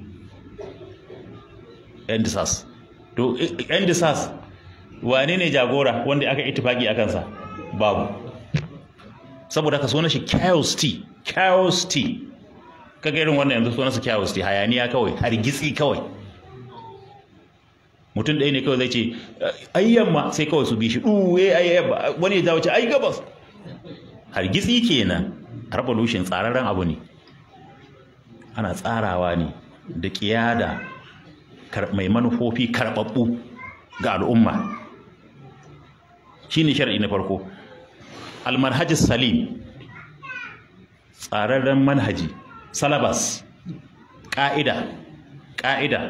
'yan disas to 'yan eh, disas wane ne jagora wanda aka itifaki a kansa babu saboda ka sona shi chaos tea chaos tea kaga irin wannan yanzu sona su chaos hayaniya kawai hargitsi kawai mutum ɗaya ne kawai zai ce ayyamma sai kawai su bi shi ɗuwe eh, ai yamma wani ya jawo ce ai gabas hargitsi kenan revolution tsararren abu ne ana tsarawa ne da kiyada mai manufofi karɓaɓɓu ga al'umma shine shar'i na farko almarhajis salim tsararren manhaji salabas ƙa'ida ƙa'ida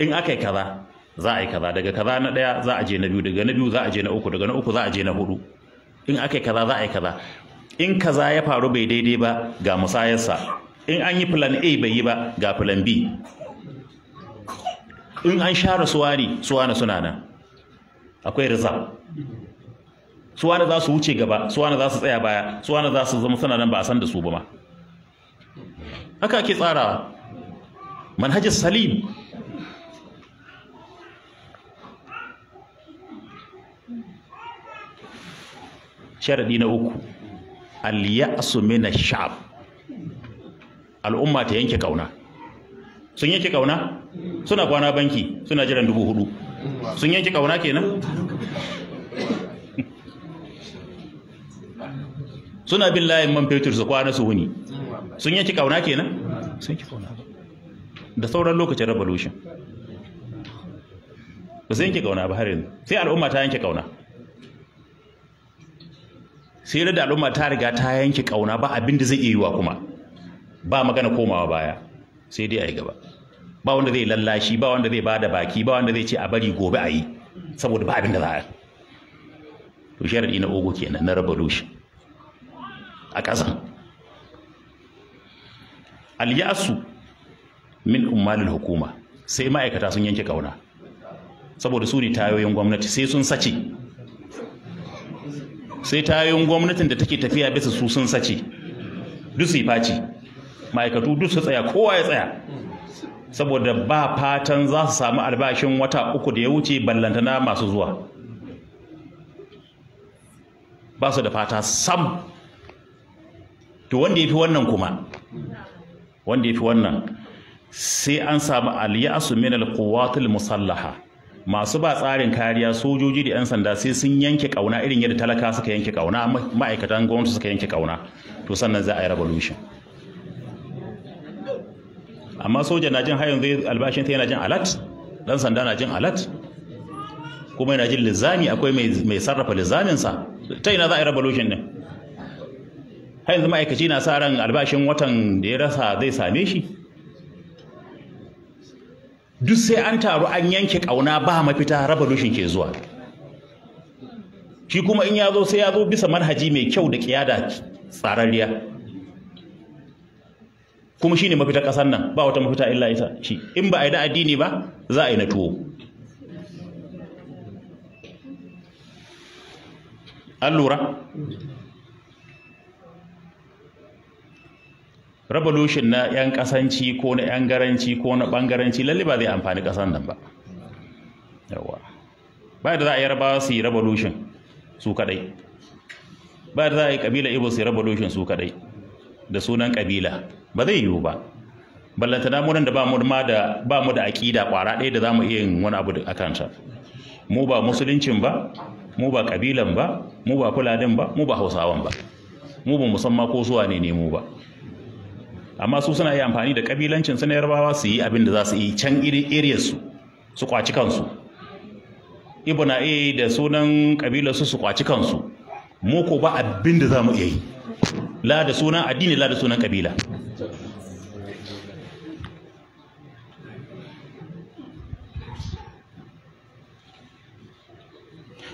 in aka yi kaza za a yi kaza daga kaza na ɗaya za a je na biyu daga na biyu za a je na uku daga na uku za a je na hudu in aka yi kaza za a yi kaza in kaza ya faru bai daidai ba ga musayarsa in an yi plan A bai yi ba ga plan B in an share suwari suwana suna nan akwai rizal suwana za su wuce gaba suwana za su tsaya baya suwana za su zama suna nan ba a san da su ba ma haka ake tsara manhajar salim sharaɗi na uku al ya'su min al'umma ta yanke kauna sun yanke kauna suna kwana banki suna jiran dubu hudu sun yanke kauna kenan suna bin layin man fetur su kwana su huni. sun yanke kauna kenan sun yanke kauna da sauran lokacin revolution ba su yanke kauna ba har yanzu sai al'umma ta yanke kauna sai da al'umma ta riga ta yanke kauna ba abin da zai iya yiwa kuma ba magana komawa baya sai dai a yi gaba ba wanda zai lallashi ba wanda zai bada baki ba wanda zai ce a bari gobe a yi saboda ba abin da za a to sharadi na ogo kenan na revolution a kasan alyasu min ummalil hukuma sai ma'aikata sun yanke kauna saboda su ne tayoyin gwamnati sai sun sace sai tayoyin gwamnatin da take tafiya bisa su sun sace duk su faci ma'aikatu duk su tsaya kowa ya tsaya saboda ba fatan za su samu albashin wata uku da ya wuce ballantana masu zuwa ba su da fata sam to wanda ya fi wannan kuma wanda ya fi wannan sai an samu aliyasu min alquwatul musallaha masu ba tsarin kariya sojoji da 'yan sanda sai sun yanke kauna irin yadda talaka suka yanke kauna ma'aikatan gwamnati suka yanke kauna to sannan za a yi revolution amma soja na jin hayan zai albashin ta yana jin alat dan sanda na jin alat kuma yana jin lizami akwai mai sarrafa lizaminsa ta ina za a yi revolution din hayan zama ma'aikaci na sa ran albashin watan da ya rasa zai same shi duk sai an taru an yanke ƙauna ba mafita raba rushin ke zuwa shi kuma in ya zo sai ya zo bisa manhaji mai kyau da kiyada tsararriya kuma shi ne mafita ƙasar nan ba wata mafita illa ita shi in ba a yi da addini ba za a yi na tuwo an lura revolution na 'yan kasanci ko na 'yan garanci ko na bangaranci lalle ba zai amfani kasan nan ba yawa ba da za a raba su yi revolution su kadai ba da za a yi kabila ibo su yi revolution su kadai da sunan kabila ba zai yiwu ba ballanta na munan da ba mu da ba mu da kwara ɗaya da za mu iya yin wani abu a kanta. mu ba musuluncin ba mu ba kabilan ba mu ba fulanin ba mu ba hausawan ba mu ba musamman ko zuwa ne ne mu ba amma su suna iya amfani da kabilancin su na yarbawa su yi abin da za su yi can su su kwaci kansu ibo na iya da sunan kabilar su su kwaci kansu mu ba abin da za mu iya yi la da sunan addini la da sunan kabila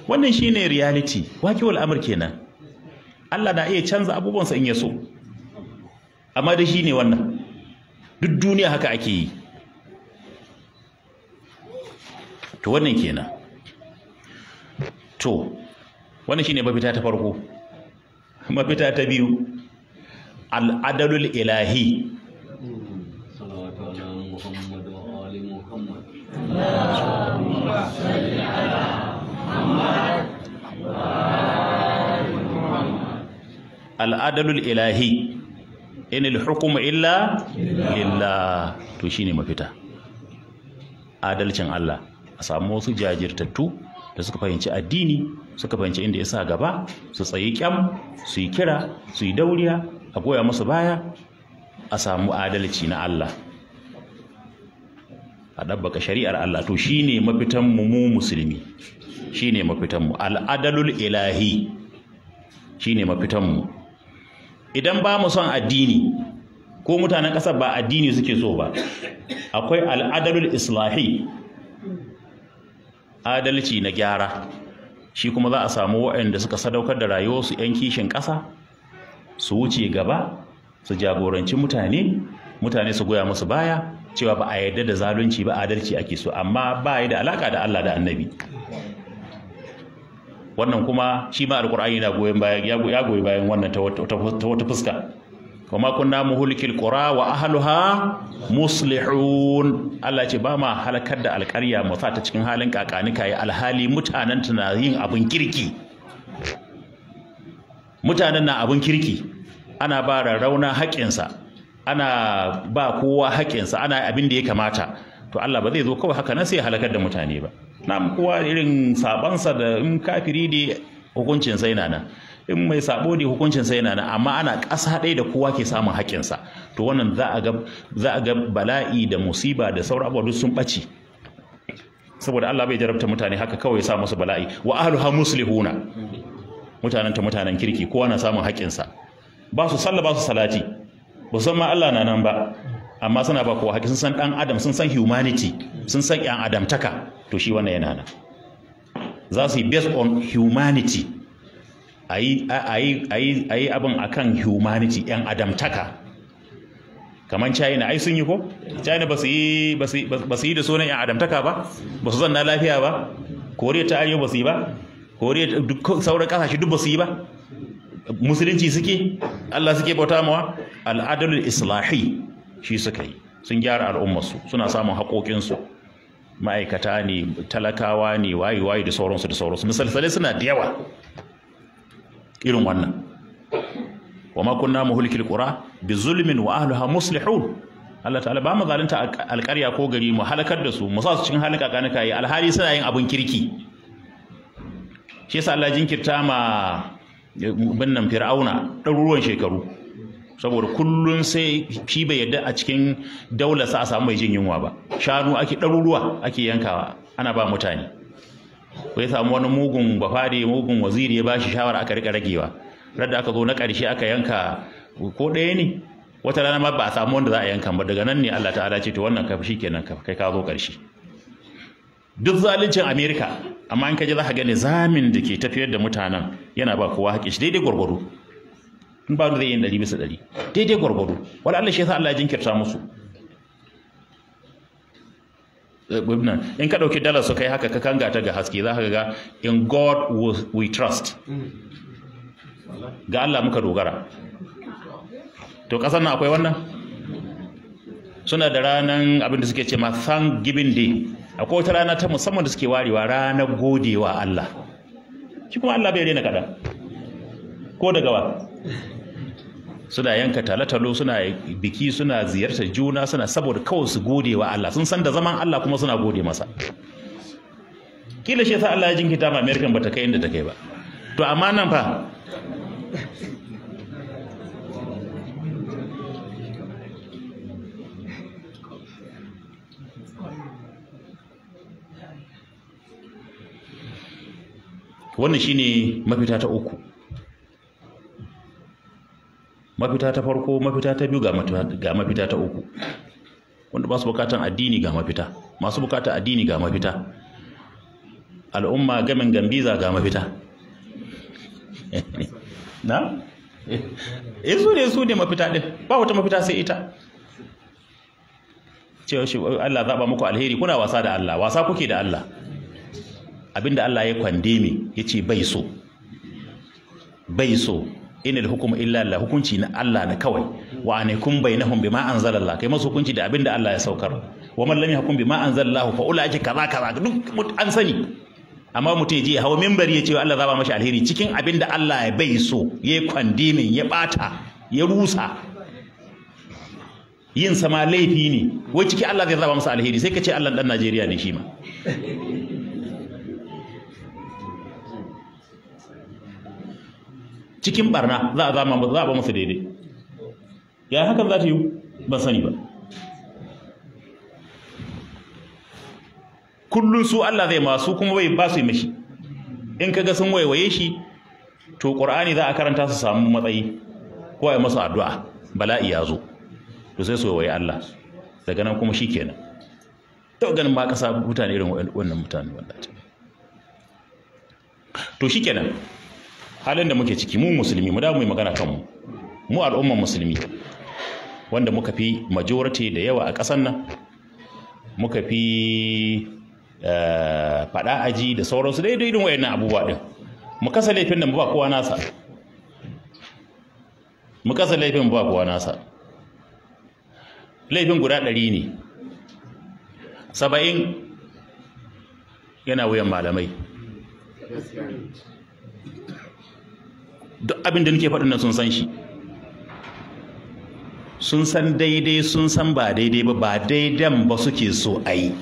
wannan shine reality wakewar amurke kenan Allah na iya canza abubuwansa in ya so amma da shi ne wannan duk duniya haka ake yi to wannan kenan to wannan ne mafita ta farko mafita ta biyu al'adalul ilahi al'adalul ilahi inil hukuma illa lillah to shine mafita adalcin Allah a samu wasu jajirtattu da suka fahimci addini suka fahimci inda ya sa gaba su tsayi kyam su yi kira su yi dauriya a goya musu baya a samu adalci na Allah a ɗabbaka shari'ar Allah to shine mafitan mu mu musulmi shine mafitan mu al'adalul ilahi shine mafitan mu idan ba mu son addini ko mutanen ƙasa ba addini suke so ba akwai al'adalul islahi adalci na gyara shi kuma za a samu waɗanda suka sadaukar da rayuwarsu 'yan kishin ƙasa su wuce gaba su jagoranci mutane mutane su goya musu baya cewa ba a yarda da zalunci ba adalci ake so amma ba ya da alaka da Allah da annabi wannan kuma shi ma alkurani na goyon baya ya goyi bayan wannan ta wata fuska wa ma kunna muhlikil qura wa ahluha muslihun Allah ce ba ma halakar da alƙarya mu sa ta cikin halin kakani yi alhali mutanen na yin abun kirki mutanen na abun kirki ana ba rauna haƙƙinsa ana ba kowa haƙƙinsa ana abin da ya kamata to Allah ba zai zo kawai haka nan sai halakar da mutane ba na kowa irin sabansa da in kafiri ne hukuncin sai na nan in mai sabo ne hukuncin sai na nan amma ana ƙasa ɗaya da kowa ke samun haƙƙinsa to wannan za a ga bala'i da musiba da sauran abu sun ɓaci saboda Allah bai jarabta mutane haka kawai ya sa musu bala'i wa ahluha muslihuna mutanen ta mutanen kirki kowa na samun haƙƙinsa ba su sallah ba su salati ba san ma Allah na nan ba amma suna ba kowa haƙƙi sun san ɗan adam sun san humanity sun san ƴan adamtaka to shi wannan yana nan za su yi based on humanity a yi abin a kan humanity yan adamtaka kamar china ai sun yi ko china ba su yi da sunan yan adamtaka ba ba su zanna lafiya ba koriya ta ayyau ba su yi ba koriya sauran kasashe duk ba su yi ba musulunci suke allah suke bauta mawa al'adalul islahi shi suka yi sun gyara al'ummarsu suna samun haƙoƙinsu ma'aikata ne talakawa ne wayi wayi da sauransu da sauransu misalsalai suna da yawa irin wannan wa ma kunna qura bi zulmin wa ahliha muslihun Allah ta'ala ba mu zalunta alƙarya ko gari mu halakar da su mu sa su cikin halaka kanika yi alhali suna yin abun kirki shi yasa Allah jinkirta ma eh, binnan fir'auna ɗaruruwan shekaru saboda kullum sai shi bai yadda a cikin daular sa a samu mai jin yunwa ba shanu ake ɗaruruwa ake yankawa ana ba mutane ya samu wani mugun bafare mugun waziri ya ba shi shawara aka rika ragewa radda aka zo na ƙarshe aka yanka ko ɗaya ne wata rana ma ba a samu wanda za a yanka ba daga nan ne Allah ta'ala ce to wannan shi shikenan ka kai ka zo ƙarshe duk zaluncin Amerika amma in ka ji za ka gane zamin da ke tafiyar da mutanen yana ba kowa haƙƙi shi daidai gwargwaro in ba zai yi ɗari bisa ɗari daidai gwargwado wala Allah shi yasa Allah ya jinkirta musu eh, in ka ɗauki dalar su kai haka ka kanga ta ga haske za ka ga in God we trust ga Allah muka dogara to ƙasar nan akwai wannan suna da ranar abin da suke ce ma giving day akwai wata rana ta musamman da suke warewa ranar godewa Allah shi kuma Allah bai rena kada ko daga wa suna yanka talatalo suna biki suna ziyartar juna suna saboda kawai su gode wa Allah sun san da zaman Allah kuma suna gode masa kila shi sa Allah ya jinkita ma American bata kai inda ta kai ba to amma nan fa wannan shine mafita ta uku mafita ta farko mafita ta biyu ga mafita ta uku wanda ba su bukatan addini ga mafita masu bukatan addini ga mafita al'umma gamin gambiza ga mafita na? in eh, su ne su ne mafita ɗin ba wata mafita sai ita cewa shi Allah zaɓa muku alheri kuna wasa da Allah wasa kuke da Allah abinda Allah ya kwande mi ya ce bai so bai so da hukuma illa Allah hukunci na Allah ne kawai wa anaikum bainahum bima Allah kai masu hukunci da abinda Allah ya saukar wa man lam yahkum bima Allah fa ulaika kaza kaza duk an sani amma mutum ya je hawa mimbari ya ce Allah ba mashi alheri cikin abinda Allah ya bai so yayi kwandimin ya bata ya rusa yin sama laifi ne wai ciki Allah zai zaba masa alheri sai ka ce Allah dan Najeriya ne shi ma cikin barna za a zama za a ba musu daidai ya hakan za ta yi ban sani ba kullum su Allah zai masu kuma bai ba su yi mishi in kaga sun waiwaye shi to qur'ani za a karanta su samu matsayi ko ai masa addu'a bala'i ya zo to sai su waiwaye Allah daga nan kuma shikenan to ganin ba ka sa mutane irin wannan mutane wallahi to shikenan halin da muke ciki mu musulmi mu da mu yi magana kan mu mu al'umman musulmi wanda muka fi majority da yawa a ƙasar nan muka fi eh, faɗa aji da sauransu daidai irin wayannan abubuwa din, mu kasa laifin da ba kowa nasa mu kasa laifin ba kowa nasa laifin guda ɗari ne saba'in yana wuyan malamai duk abin da nake faɗin nan sun san shi sun san daidai sun san ba daidai ba ba daidan ba suke so a yi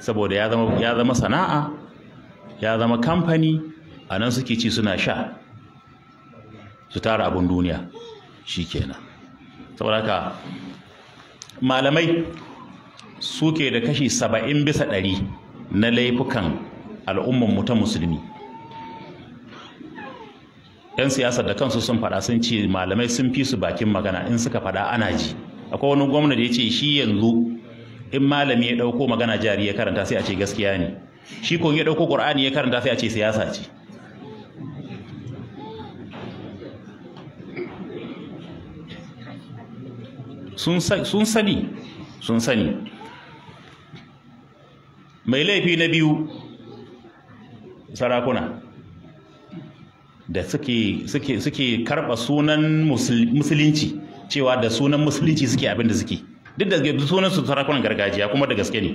saboda ya zama sana'a ya zama kamfani a nan suke ci suna sha su tara abin duniya shi kenan saboda haka malamai suke da kashi saba'in bisa ɗari na laifukan al'ummanmu ta musulmi 'yan siyasar da kansu sun faɗa sun ce malamai sun fi su bakin magana in suka faɗa ana ji akwai wani gwamna da ya ce shi yanzu in malami ya ɗauko magana jari ya karanta sai a ce gaskiya ne shi ko ya ɗauko ƙur'ani ya karanta sai a ce siyasa ce sun sani sun sani mai laifi na biyu sarakuna da suke karba sunan musulunci cewa da sunan musulunci suke abin suke duk da sunan su sarakunan gargajiya kuma da gaske ne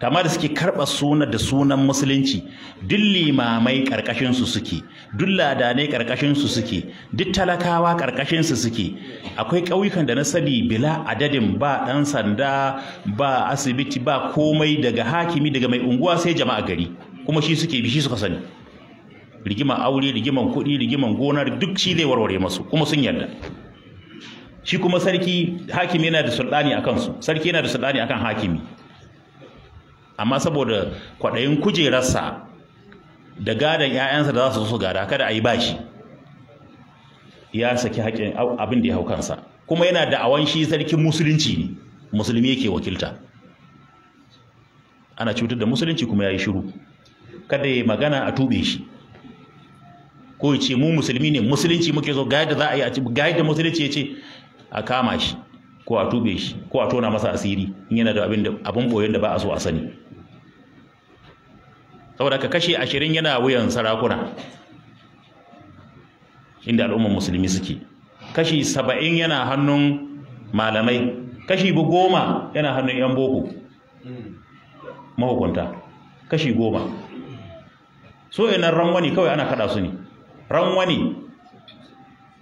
kama da suke karba suna da sunan musulunci duk limamai karkashin su suke duk ladanai karkashin su suke duk talakawa karkashin su suke akwai ƙauyukan da na sani bila adadin ba ɗan sanda ba asibiti ba komai daga hakimi daga mai unguwa sai jama'a gari kuma shi suke bi shi suka sani rigiman aure rigiman kuɗi rigiman gona duk shi zai warware masu kuma sun yarda shi kuma sarki hakimi yana da sulɗani a kansu sarki yana da sulɗani a kan hakimi amma saboda kwaɗayin kujerarsa da gadon 'ya'yansa da za su su gada kada a yi bashi ya saki haƙin abin da ya hau kansa kuma yana da awan shi sarkin musulunci ne musulmi yake wakilta ana cutar da musulunci kuma ya yi shiru kada ya yi magana a tube shi ko ce mu musulmi ne musulunci muke so ga yadda za a yi a ci ga musulunci ya ce a kama shi ko a tube shi ko a tona masa asiri in yana da abin da da ba a so a sani saboda ka kashe ashirin yana wuyan sarakuna inda al'ummar musulmi suke kashi saba'in yana hannun malamai kashi bu goma yana hannun 'yan boko mahukunta kashi goma so ran wani kawai ana kada su ne ranwa ne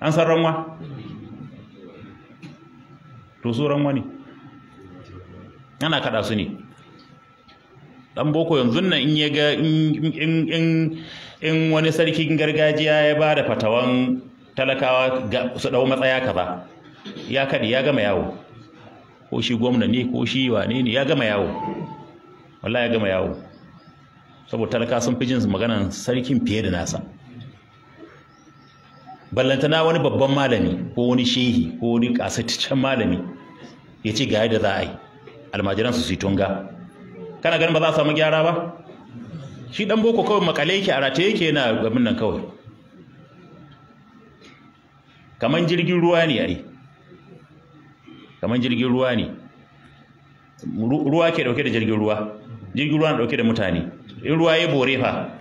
an san ranwa to su ranwa ne ana kada su ne dan boko yanzu nan in ya ga in wani sarkin gargajiya ya ba da fatawan talakawa su dau matsaya kaza ya kadi ya gama yawo ko shi gwamna ne ko shi wane ne ya gama yawo wallahi ya gama yawo saboda talaka sun fi jin maganan sarkin fiye da nasa ballantana wani babban malami ko wani shehi ko wani kasataccen malami ya ce ga yadda za a yi almajiran su sai tunga kana ganin ba za a samu gyara ba shi dan boko kawai makale yake a rataye yake yana gabin nan kawai kaman jirgin ruwa ne ai kaman jirgin ruwa ne ruwa ke dauke da jirgin ruwa jirgin ruwa na dauke da mutane in ruwa ya bore fa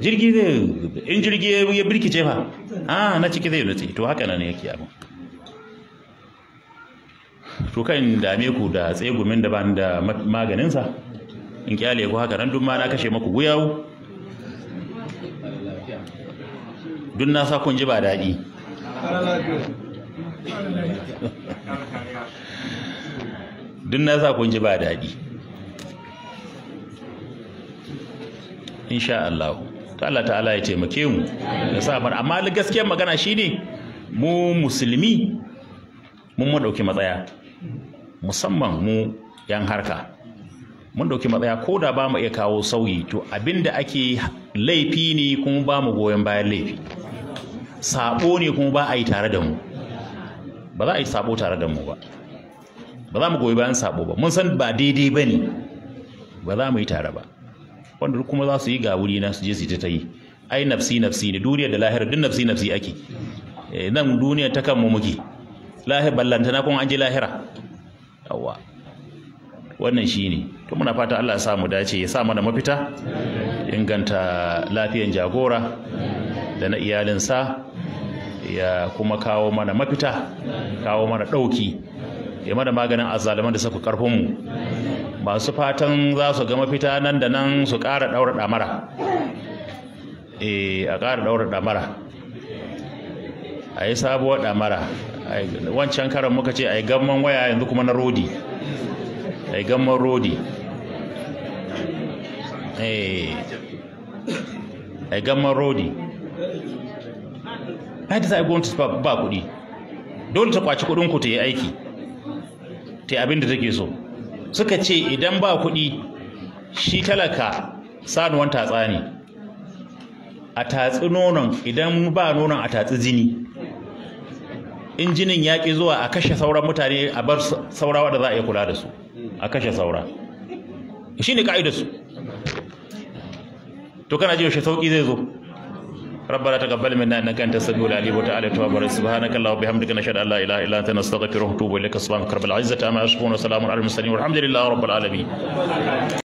jirgi zai in jirgi ya birkice fa a ah, na ciki zai nutse to haka nan yake abu to kan dame ku da tsegumin da ban da maganinsa in kyale ku haka nan duk ma na kashe maku guyawu duk na sa kun ji ba daɗi duk na sa kun ji ba daɗi insha Allah to Allah ta'ala ya taimake mu da sabar bar amma gaskiyar magana shi ne, mu musulmi mun mu dauki matsaya musamman mu yan harka mun dauki matsaya ko da ba mu iya kawo sauyi to abinda ake laifi ne kuma ba mu goyon bayan laifi sabo ne kuma ba a yi tare da mu ba za a yi sabo tare da mu ba ba za mu goyi bayan sabo ba mun san ba daidai ba ne ba za mu yi tare ba wanda kuma za su yi ga wuri na su je su ta yi ai nafsi nafsi ne duniya da lahira duk nafsi nafsi ake eh, nan duniya ta kan mu muke lahir ballanta na kuma an je lahira yawa wannan shine to muna fata Allah ya mu dace ya sa mana mafita inganta lafiyan jagora da na iyalinsa ya kuma kawo mana mafita kawo mana ɗauki ya mana maganin azzaluman da suka karfin mu masu fatan za su ga mafita nan da nan su ƙara ɗaura ɗamara eh, a ƙara ɗaura ɗamara a yi sabuwar ɗamara wancan karan muka ce a yi gamman waya yanzu kuma na rodi a yi gamman rodi eh, a yi gamman rodi ai ta sa gwamnati ba kuɗi dole ta kwaci kuɗin ku ta yi aiki ta yi abin da take so suka ce idan ba kuɗi shi talaka sanuwan tatsa ne a tatsi nonon idan ba nonon a tatsi jini in jinin ya ƙi zuwa a kashe sauran mutane a bar saura wadda za a yi kula da su a kashe saura shi ne ka'idarsu to kana ji yaushe sauƙi zai zo ربنا تقبل منا انك انت السميع العليم وتعالى التواب الرحيم سبحانك اللهم وبحمدك نشهد ان لا اله الا انت نستغفرك ونتوب اليك سبحانك رب العزه عما يصفون وسلام على المرسلين والحمد لله رب العالمين